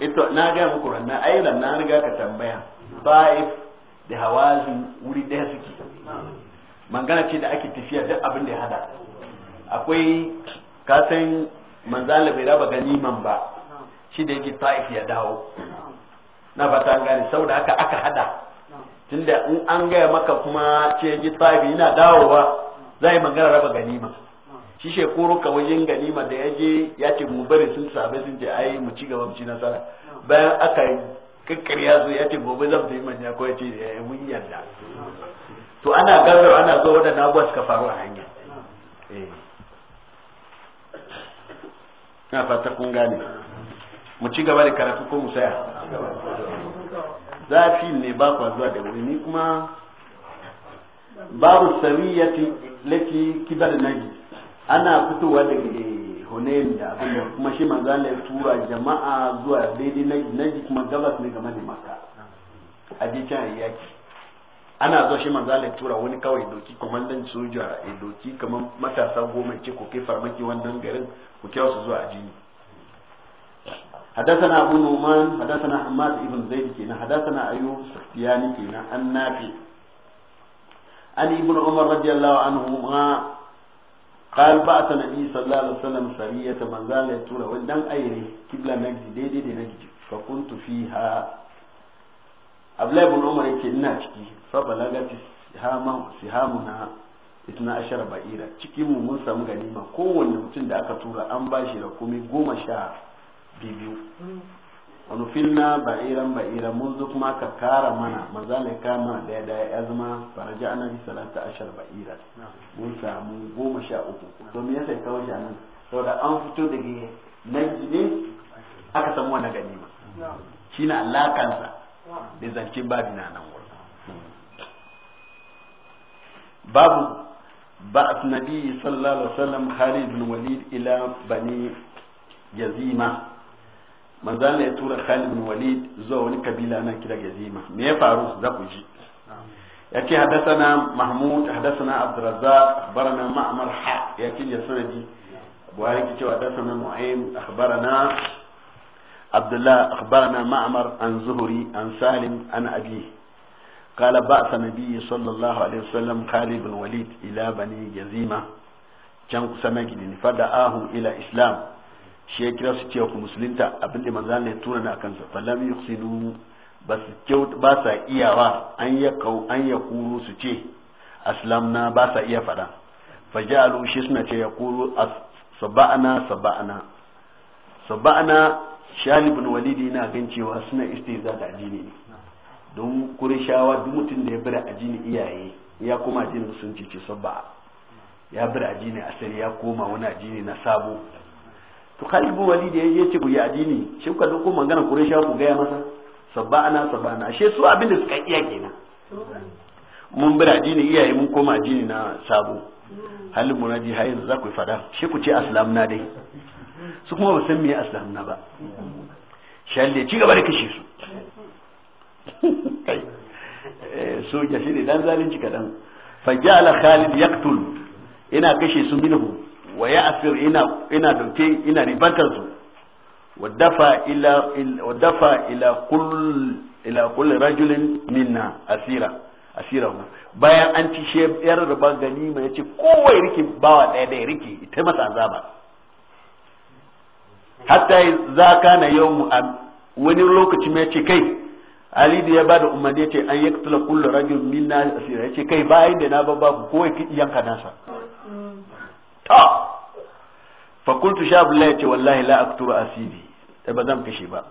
ito na ga muku ranna ai na riga ka tambaya ba'if da hawazin wuri daya suke mangana ce da ake tafiya duk abin da ya hada akwai kasan manzala bai raba ganiman ba shi da yake ta'if ya dawo na fata an gane saboda haka aka hada tunda in an gaya maka kuma ce ji ta'if yana dawowa za yi magana raba ganima shi she koro ka wajen ganima da je ya ce mu bari sun sabe sun ce ai mu ci gaba mu ci nasara bayan aka kakkarya zo ya ce gobe zan fi manya ko ya ce eh, mun yarda to ana gazar ana zo na abuwa suka faru a hanya eh. na fata kun gane mu ci gaba da karatu ko musaya zafi ne ba kwa zuwa da wuri ni kuma babu sariyati laki kibar najis ana fitowa daga hunayen da abin da kuma shi manzo ya tura jama'a zuwa daidai na naji kuma gabas ne game da maka a dicin yaki ana zuwa shi manzo ya tura wani kawai doki komandan soja ya doki kamar matasa goma ce ko kai farmaki wannan garin ku kyau su zuwa ajini حدثنا أبو نعمان حدثنا حماد بن زيد كنا حدثنا أيوب سختياني كنا النافي عن ابن عمر رضي الله عنهما قال بعث النبي صلى الله عليه وسلم سرية من زال يتولى ودن أيري كبلا نجد دي دي دي نجد فكنت فيها أبلا بن عمر يكي ناجكي فبلغت سهامنا itna ashara ba'ira cikin mu مغنيمة كون ganima دا mutum da aka قوم شاعر bashi nufilna ba'iran ba'iran mun zuk ma ka kara mana maza ne ka mana daya daya ya zama faraja ana yi salata ashar ba'ira mun samu goma sha uku domin ya sai shi wuce nan da an fito da ge na ne aka samuwa na gani ma shi na alakansa da zancen babu na nan wurin babu ba'at nabi sallallahu alaihi wasallam khalid bin walid ila bani yazima manzana ya tura Khalid bin Walid zuwa wani kabila na kira Yazima. me ya faru za ku ji yake hadathana Mahmud hadathana Abd Razzaq akhbarana Ma'mar ha yake ya sanadi Buhari ke cewa hadathana Nu'aym akhbarana Abdullah akhbarana Ma'mar an Zuhri an Salim an Abi قال بعث النبي صلى الله عليه وسلم خالد بن وليد إلى بني جزيمة كان سمجد فدعاهم إلى إسلام shi ya kira su cewa ku musulunta abin da manzan ne ya tura na kansa falam yusidu ba su ba sa iyawa an ya kau an ya kuru su ce aslamna ba sa iya fada fajalu shi suna ce ya kuru sabana sabana sabana shalib ibn walidi na gan cewa suna istiza da addini ne don kurishawa duk mutum da ya bar ajini iyaye ya koma ajini sun ce sabba ya bar ajini asali ya koma wani ajini na sabo to Khalid bin Walid ya je ce ku yi addini shi kuka duk magana Quraysha ku gaya masa sabana sabana ashe su abin da suka iya kenan mun bi addini iyaye mun koma addini na sabo halin munaji har yanzu za ku fada shi ku ce aslamna dai su kuma ba san me aslamna ba shalle ci gaba da kashe su kai eh, soja shi ne dan zalunci kadan fa ja'ala Khalid yaqtul ina kashe su minhu wa ya asir ina ina dauke ina ribatar su wa dafa ila wa ila kull rajulin minna asira asira bayan an ci she yar riba gani mai yace kowa ya rike bawa daya da rike ita masa azaba hatta za kana yawmu wani lokaci mai yace kai Ali da ya bada umarni yace an yaktula kullu rajul minna asira yace kai bayan da na babba kowa ya yanka nasa ta fa kuntu sha Abdullahi ce wallahi la aktura asiri da ba zan kashe ba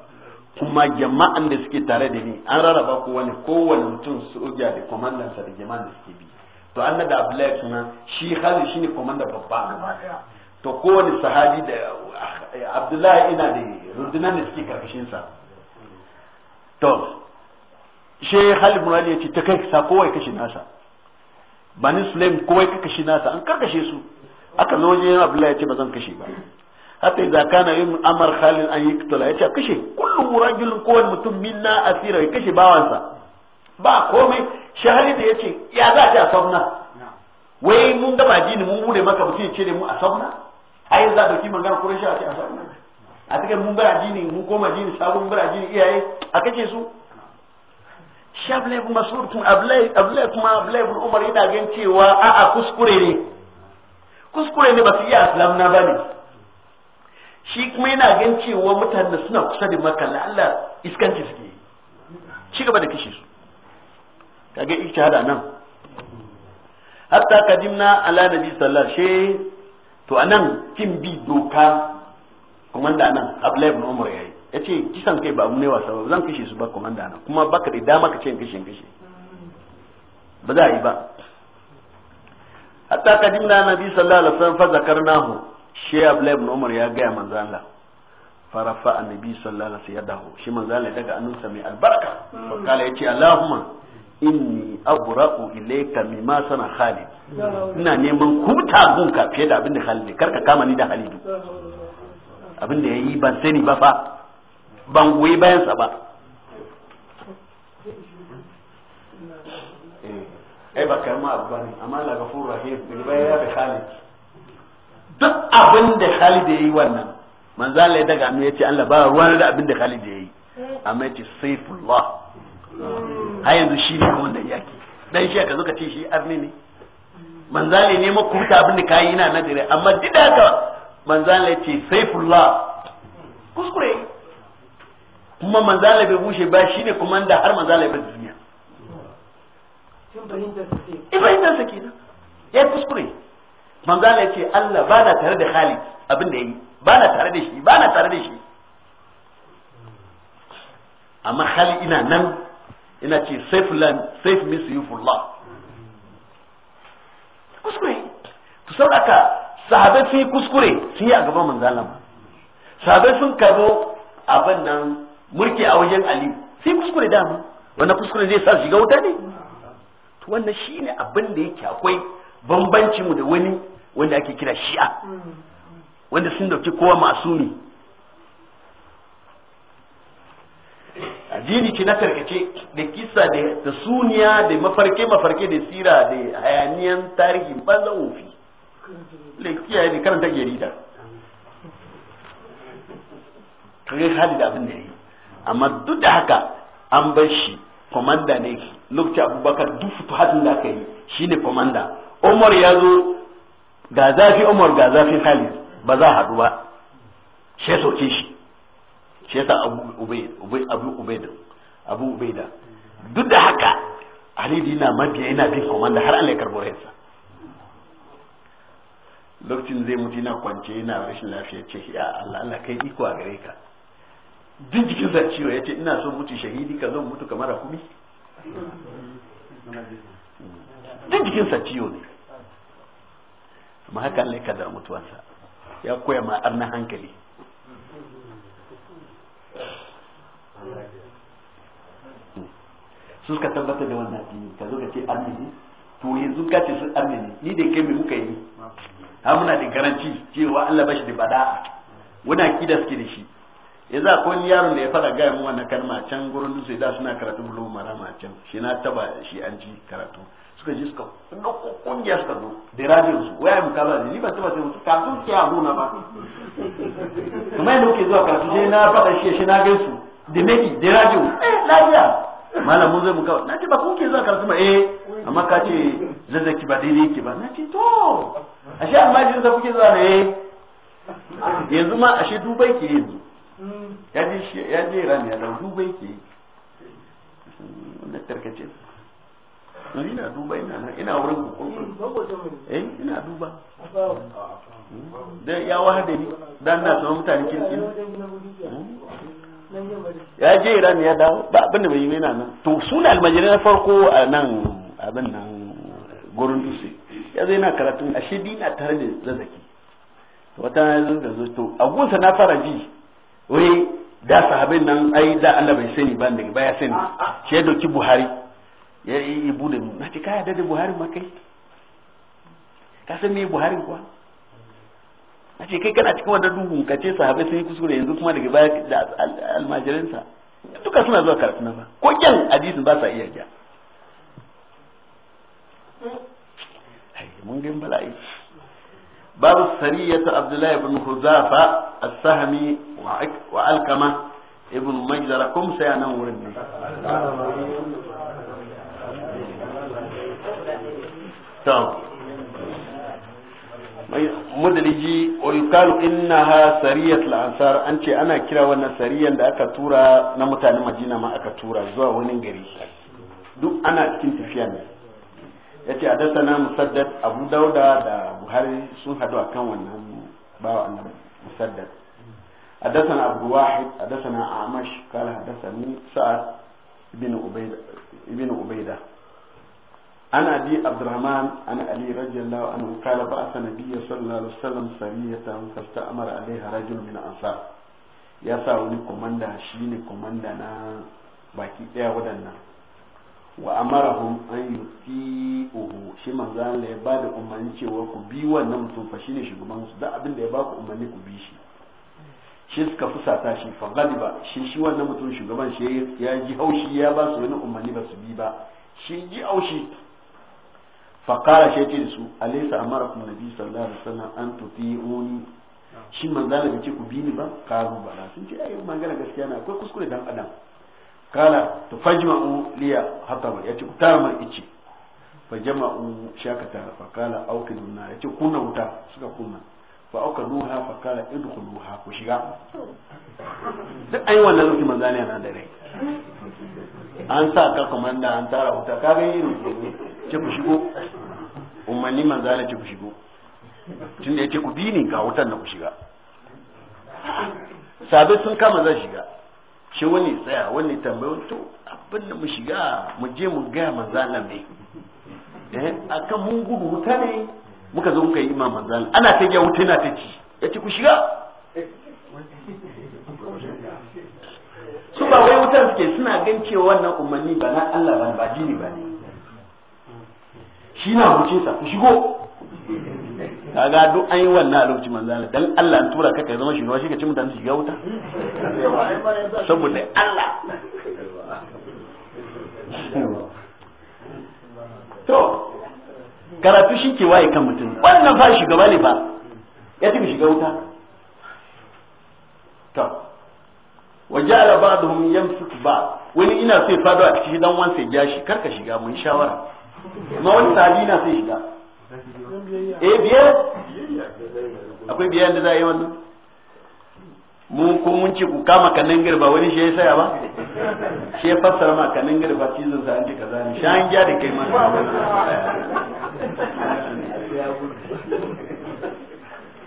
kuma jama'an da suke tare da ni an rarraba ko wani kowane mutum soja da komandan sa da jama'an da suke bi to an da Abdullahi kuma shi shi ne komanda babba to kowane sahabi da Abdullahi ina da rundunar da suke karkashin sa to she Khalid Murad ya ce ta kai sa kowai kashi nasa Bani Sulaim kowai ka kashi nasa an karkashe su aka zo wajen abdullahi ya ce ba zan kashe ba hatta idza kana yin amar khalil an yuqtala ya ce kashe kullum rajul kowane mutum minna asira ya kashe bawansa ba komai shahari da yace ya za ta sabna wai mun da baji ne mun bude maka mutum ya ce ne mu a sabna ai za ki magana quraishi a ce a sabna a take mun bara ne mun koma ne sabon bara jini iyaye a kace su shi bu bin masud kuma kuma abulai bu umar yana gan cewa a'a kuskure ne kuskure ne ba su iya aslam na ba ne shi kuma yana gan cewa mutane suna kusa da makalla Allah iskanci suke ci gaba da kishi su kage hada nan hatta kadimna ala nabi sallar she to anan kin bi doka kumanda nan Abdullahi ibn Umar yayi yace kisan kai ba mu ne wasa ba zan kishe su ba kumanda nan kuma baka da dama ka ce kishin kishi ba za a yi ba hatta kadimna nabi sallallahu alaihi wasallam fa zakarnahu shi abdullahi ibn umar ya gaya manzo Allah farafa annabi sallallahu alaihi wasallam shi manzo Allah daga annunsa mai albarka fa kala yace allahumma inni abra'u ilayka mimma sana khalid ina neman kuta gunka fiye da abin da khalid karka kama ni da khalid abin da yayi ban sani ba fa ban goyi bayan sa ba ai ba karama abu bane amma la gafur rahim daga baya ya bi Khalid duk abin da Khalid ya yi wannan manzo Allah ya daga mu ya Allah ba ruwan da abin da Khalid ya yi amma yace sayfullah ha yanzu shi ne kuma da yaki dan shi ka zo ka ce shi arni ne Allah ne ma kuta abin da kai ina nadire amma duk da haka Allah yace sayfullah kuskure kuma Allah bai bushe ba shine kuma da har manzali bai duniya fahimtar sa eh, kenan ya kuskure manzala ya ce Allah ba na tare da Khalid abin da yi ba na tare da shi ba na tare da shi amma Khalid ina nan ina ce safe land safe means law. kuskure to sauraka sahabai sun yi kuskure sun yi a gaban manzala ma sahabai sun karo abin nan mulki a wajen Ali yi kuskure dama wannan kuskure zai sa shiga wuta ne wannan shi ne abin da yake akwai bambanci mu da wani wanda ake kira shi'a wanda sun dauki kowa ne addini ki na karkace da kisa da suniya da mafarke mafarke da sira da hayaniyan tarihi banza ofi lekiya ne karanta jarida kare hali da abin da amma duk da haka an bar shi komanda ne lokacin abubakar duk futuhatin da aka yi ne komanda umar ya zo ga zafi umar ga zafi khalid ba za haɗu ba shi sauke shi shi yasa abu ubaida abu ubaida duk da haka halidi na mabiya yana bin komanda har Allah ya karbo rayarsa lokacin zai mutu yana kwance yana rashin lafiya ce ya Allah Allah kai iko a gare ka duk sa ciwo ya ce ina so mutu shahidi ka zo mutu kamar hukumi duk jikinsa ciwo ne amma haka Allah ya kadar mutuwarsa ya koya ma arna hankali su suka tabbatar da wannan addini ka zo ka ce addini to yanzu ka ce sun addini ni da kai me muka yi ha muna da garanci cewa Allah ba shi da bada'a wani kida suke da shi yanzu akwai wani yaron da ya fara gaya min wannan kalma can gurin dutse da suna karatu bulu marama can shi na taba shi an ji karatu suka ji suka ɗauko kungiya suka zo da radio su waya mu kaza ni ba taba sai mutu kafin ki abu na ba kuma yanzu ke zuwa karatu sai na faɗa shi shi na gaisu da ki da radio. eh lafiya malamu zai mu kawai na ce ba kun ke zuwa karatu ba eh amma ka ce zazzaki ba daidai ke ba na ce to ashe amma jin sa kuke zuwa ne eh. yanzu ma ashe dubai ke yanzu ya je ran ya dau duba ke. wannan tarkace ni Ina duba ina nan ina wurin kukurkun eh ina duba dan ya wahada ni dan na zama mutane kirkin ya je ran ya dawo ba abin da bai yi yana nan to su ne na farko a nan abin nan gurin dutse ya zai na karatu a shi dina tare da zazzaki wata na zan zo to a gunsa na fara ji wai da sahabin nan ai da Allah bai sani ba daga baya sani shi ya doki Buhari ya yi bude mu na ka kaya da Buhari ma kai ka san me Buhari kuwa ce kai kana cikin wadda duhun ka ce sahabai sun yi kuskure yanzu kuma daga baya da almajirinsa duka suna zuwa karatu na ba ko kyan hadisin ba sa iya gya mun gan bala'i babu sariyata abdullahi ibn huzafa as-sahmi wa alkama ibn majzara kum sai nan wurin ne to mudaliji oyukalu innaha sariyat an ce ana kira wannan sariyar da aka tura na mutane madina ma aka tura zuwa wani gari duk ana cikin tafiya ne Ya ce yace hadathana musaddad abu dauda da buhari sun hadu kan wannan bawa annabi musaddad na abu wahid na amash qala hadathani sa'ad ibn ubayd ibn ubayda عن أبي عبد الرحمن عن علي رضي الله عنه قال بعث النبي صلى الله عليه وسلم سرية فاستأمر عليها رجل من sa يا ساوني كوماندا شيني كوماندا na باكي ɗaya waɗannan wa amarahum an uhu shi manzo Allah ya ba da umarni cewa ku bi wannan mutum fa shine shugaban su duk abin da ya ku umarni ku bi shi shi suka fusata shi fa galiba shi shi wannan mutum shugaban shi ya ji haushi ya ba su wani umarni ba su bi ba shi ji haushi fa qala shi ce su alaysa amarakum nabi sallallahu alaihi wasallam an tuti'uni shi manzo Allah ya ce ku bi ni ba karu ba sun ce ai magana gaskiya na akwai kuskure dan adam kala ta fajma'u liya hatta ya ce tara man ice fa jama'u shakata fa kala aukidu na ya ce kunna wuta suka kunna fa auka duha fa kala ha ku shiga duk ai wannan lokaci manzo na da rai an sa ka komanda an tara wuta ka ga yin ce ku shigo ummani manzala ce ku shigo tunda yace ku bi ni ga wutan na ku shiga sabai sun kama zai shiga shi wani tsaya wani tambayi to abin da mu shiga mu je mu gaya manzana mai eh akan mun gudu wuta ne muka zo muka yi imam manzana ana ta gya wuta yana ta ci ya ci ku shiga su ba wai wutar suke suna gan cewa wannan umarni ba na Allah ba ba dini ba ne shi na sa ku shigo kaga duk an yi wannan alubci manzo Allah dan Allah an tura ka kai zama shugaba shi ka ci mutane su shiga wuta saboda Allah to karatu shi ke waye kan mutum wannan fa shugaba ne fa ya tafi shiga wuta to wajala ba'dhum yamsuk ba wani ina sai fado a cikin dan wansa ya ja shi karka shiga mun shawara amma wani sahabi na sai shiga eh biyar akwai biyar da za a yi wannan mu ko mun ci ku kama kannan girba wani shi ya saya ba shi ya fassara ma kannan girba cizon sa an ji kaza ne shan gya da kai ma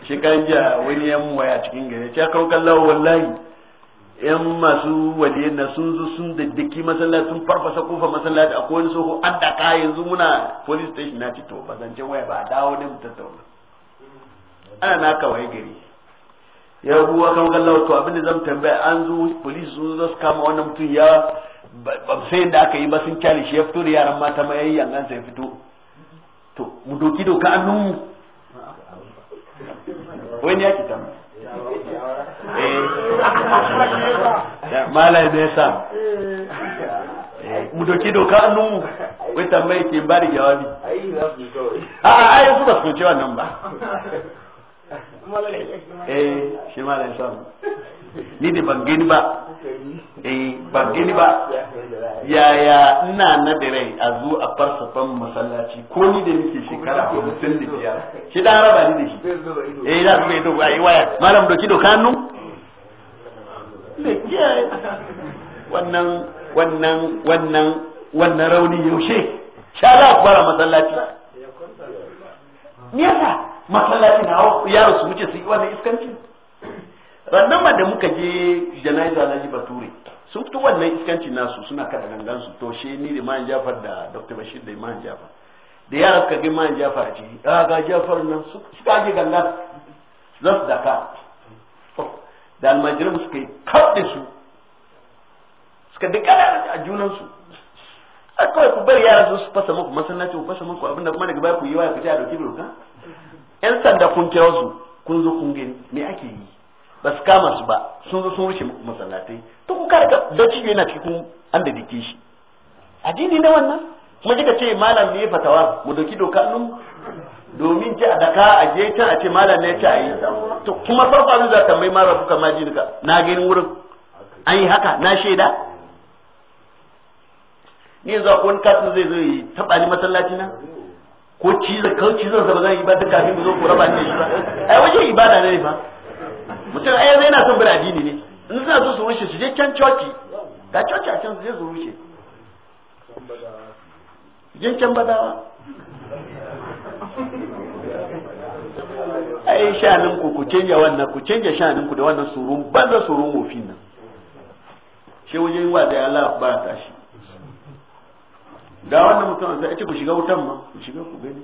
shekaran jiya wani ya waya cikin gari ya kawo kallawa wallahi yan masu waliyan na sun zo sun daddaki masallaci sun farfasa kofa masallaci akwai wani soho an ka yanzu muna police station na ci to ba zance waya ba dawo ne mu tattauna ana na kawai gari ya ruwa kan kallawa to abin da zan tambaya an zo police sun zo su kama wannan mutum ya ba sai da aka yi ba sun kyale shi ya fito da yaran mata ma yayi an sai fito to mu doki doka annun mu wani ya ki tambaya eh malai ne sa eh. mu doki doka annunmu wai tambayi ke ba da jawabi a a ai su ba su ce wannan ba eh shi malai sa ni ne ban gani ba eh ban gani ba yaya ina na da rai a zo a farsafan masallaci ko ni da nake shekara ko mutum da biyar shi dan raba ni da shi eh da zai zo ai eh, waya malam doki doka hannu wannan wannan wannan wannan rauni yaushe sha za ku fara masallaci me yasa masallaci na yaro su wuce su yi wannan iskancin sannan ma da muka je janaiza na bature sun fito wannan iskanci nasu suna kada gangan su to she ni da man jafar da dr bashir da man jafar da yara ka ga man jafar a a ah, ga jafar nan ka je gangan za su daka da almajirin suka yi kaɗe su suka dukkan a junansu a kawai ku bari yara su fasa muku masanaci ku fasa muku abinda kuma daga baya ku yi waya ku ci a dauki doka yan sanda kun kira su kun zo kun gani me ake yi ba su kama su ba sun zo sun rushe masallatai to ku kare da cikin yana cikin an da dike shi addini na wannan kuma kika ce malam ne fatawa mu doki doka nun domin ji a daka a je can a ce malam ne ta a yi to kuma farko abin za ta mai mara buka ma ka. na gani wurin an yi haka na shaida ni za ku wani kasu zai zo yi taɓa ni masallaci na ko cizon kan cizon sa ba zan yi ba duka kafin mu zo ko raba ne shi ba ai wajen ibada ne fa mutum ai yanzu yana son bin addini ne in suna so su rushe su je can coci ga coci a can su je su rushe jin can badawa ai shanin ku ku canja wannan ku canja shanin ku da wannan surun banza surun wofin nan shi yi wa da Allah ba ta shi ga wannan mutum a a ce ku shiga wutan ma ku shiga ku gani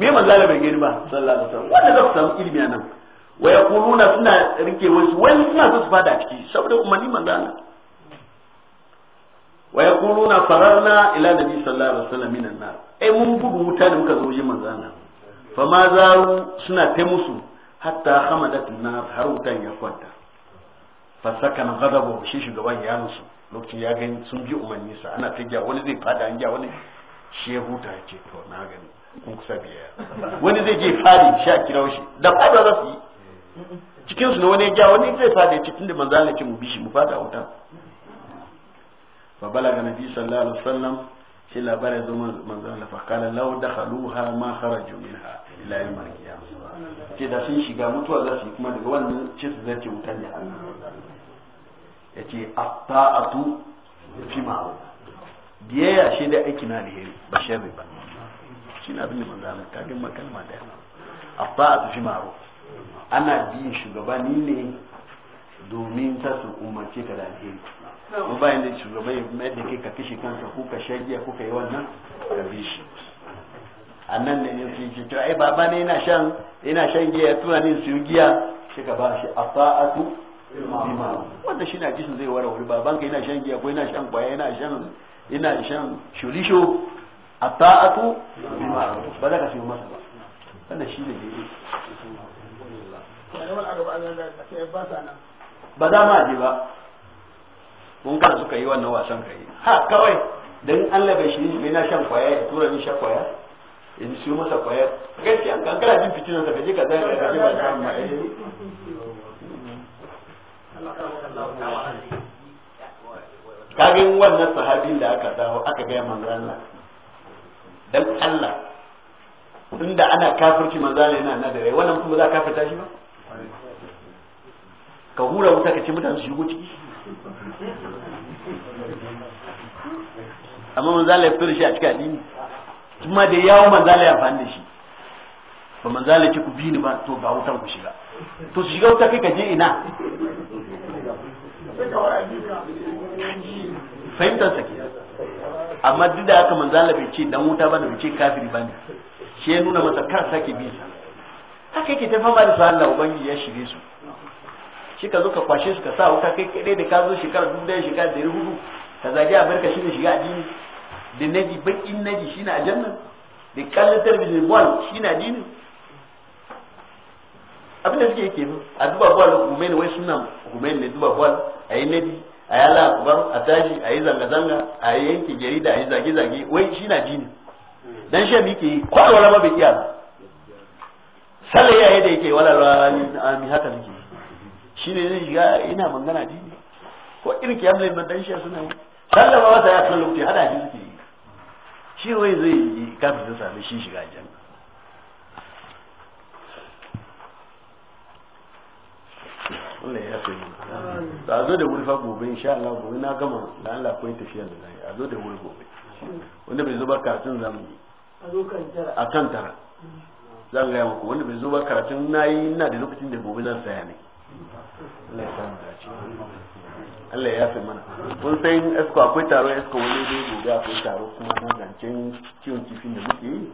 me manzala bai gani ba sallallahu alaihi wasallam wanda zaka samu ilimi nan wa yaquluna suna rike wasu wani suna so su fada ciki saboda umarni manzala wa yaquluna fararna ila nabi sallallahu alaihi wasallam minan nar ai eh, mun gudu wuta da muka zo wajen manzala fa ma zaru suna ta musu hatta hamadat nar har wutan ya kwanta fa sakana ghadabu shi shugaban ya musu lokacin ya gani sun ji umarni sa ana ta wani zai fada an wani shehu ta ce to na gani in kusa biyar wani zai je fadi sha kira shi da fada za su yi cikin su ne wani ya wani zai fada cikin da manzo Allah ce mu bishi mu fada wuta fa balaga nabi sallallahu alaihi wasallam shi labarin zama manzo Allah fa kala law dakhaluha ma kharaju minha ila yawm al-qiyamah ce da sun shiga mutuwa za su yi kuma daga wannan ce su zace wutan Allah yace at fi ma'ruf biyayya shi da aiki na alheri ba sharri ba shi na abin manzo Allah ta gama kalma ana bi shugabani ne domin ta su umarce ka da alheri bayan da shugaban ya mai da ka kashe ko ka shagiya ko ka yi wannan ka bi shi a nan ne ne su yi ai baba ne shan shan giya giya shi ka ba shi wanda shi na zai wara wuri baban ka shan giya ko shan kwaya shan ina shan shulisho a ta'atu ba daga ka siyo masa ba wannan shi ne dai ba za ma je ba mun kan suka yi wannan wasan kai ha kawai dan Allah bai shi bai na shan kwaya ya tura ni shan kwaya ji shi masa kwaya gaskiya kan kana jin fitinan sa kaje ka zai ka ji ba ta ma eh kagin wannan sahabin da aka dawo aka gaya manzon Allah dan Allah inda ana kafirci manzo Allah yana nan da rai wannan kuma za ka kafirta shi ba ka hura wuta ka ce mutane su shigo ciki amma manzo Allah ya fito da shi a cikin addini kuma da yawo manzo Allah ya amfani da shi ba manzo Allah ya ce ku bi ni ba to ba wutan ku shiga to su shiga wuta kai ka je ina fahimtar sa kenan amma duk da haka manzo Allah bai ce dan wuta bane bai ce kafiri bane shi ya nuna masa kan sake bisa sa haka yake ta fama da sallah ubangiji ya shige su shi ka zo ka kwashe su ka sa wuta kai kadai da ka zo shekara da daya shekara dari hudu ka zage a barka shi ne shiga addini da naji bakin naji shi ne aljanna da kallon talabijin bol shi ne addini abin da suke yake a duba bol gumen wai suna gumen ne duba a yi nabi a yi Allah a tashi a yi zanga-zanga a yi yanke jarida a yi zage-zage wai shi na jini dan shi ke yi kwalwala ba bai iya ba sallah yayi da yake wala wani ami haka nake shi ne zai shiga ina mangana jini ko irin kiyam lai ban dan shi suna yi sallah ba wata ya kan lokaci hada shi suke yi shi wai zai yi kafin sun sami shi shiga jan Allah ya fi to a zo da wuri fa gobe insha Allah gobe na gama da Allah koyi tafiyar da zai a zo da wuri gobe wanda bai zo ba karatun zamu yi a kan tara zan gaya muku wanda bai zo ba karatun na yi ina da lokacin da gobe zan saya ne Allah ya samu dace Allah ya fi mana kun sai esko akwai taro esko wani zai gobe akwai taro kuma na zancen ciwon kifin da muke yi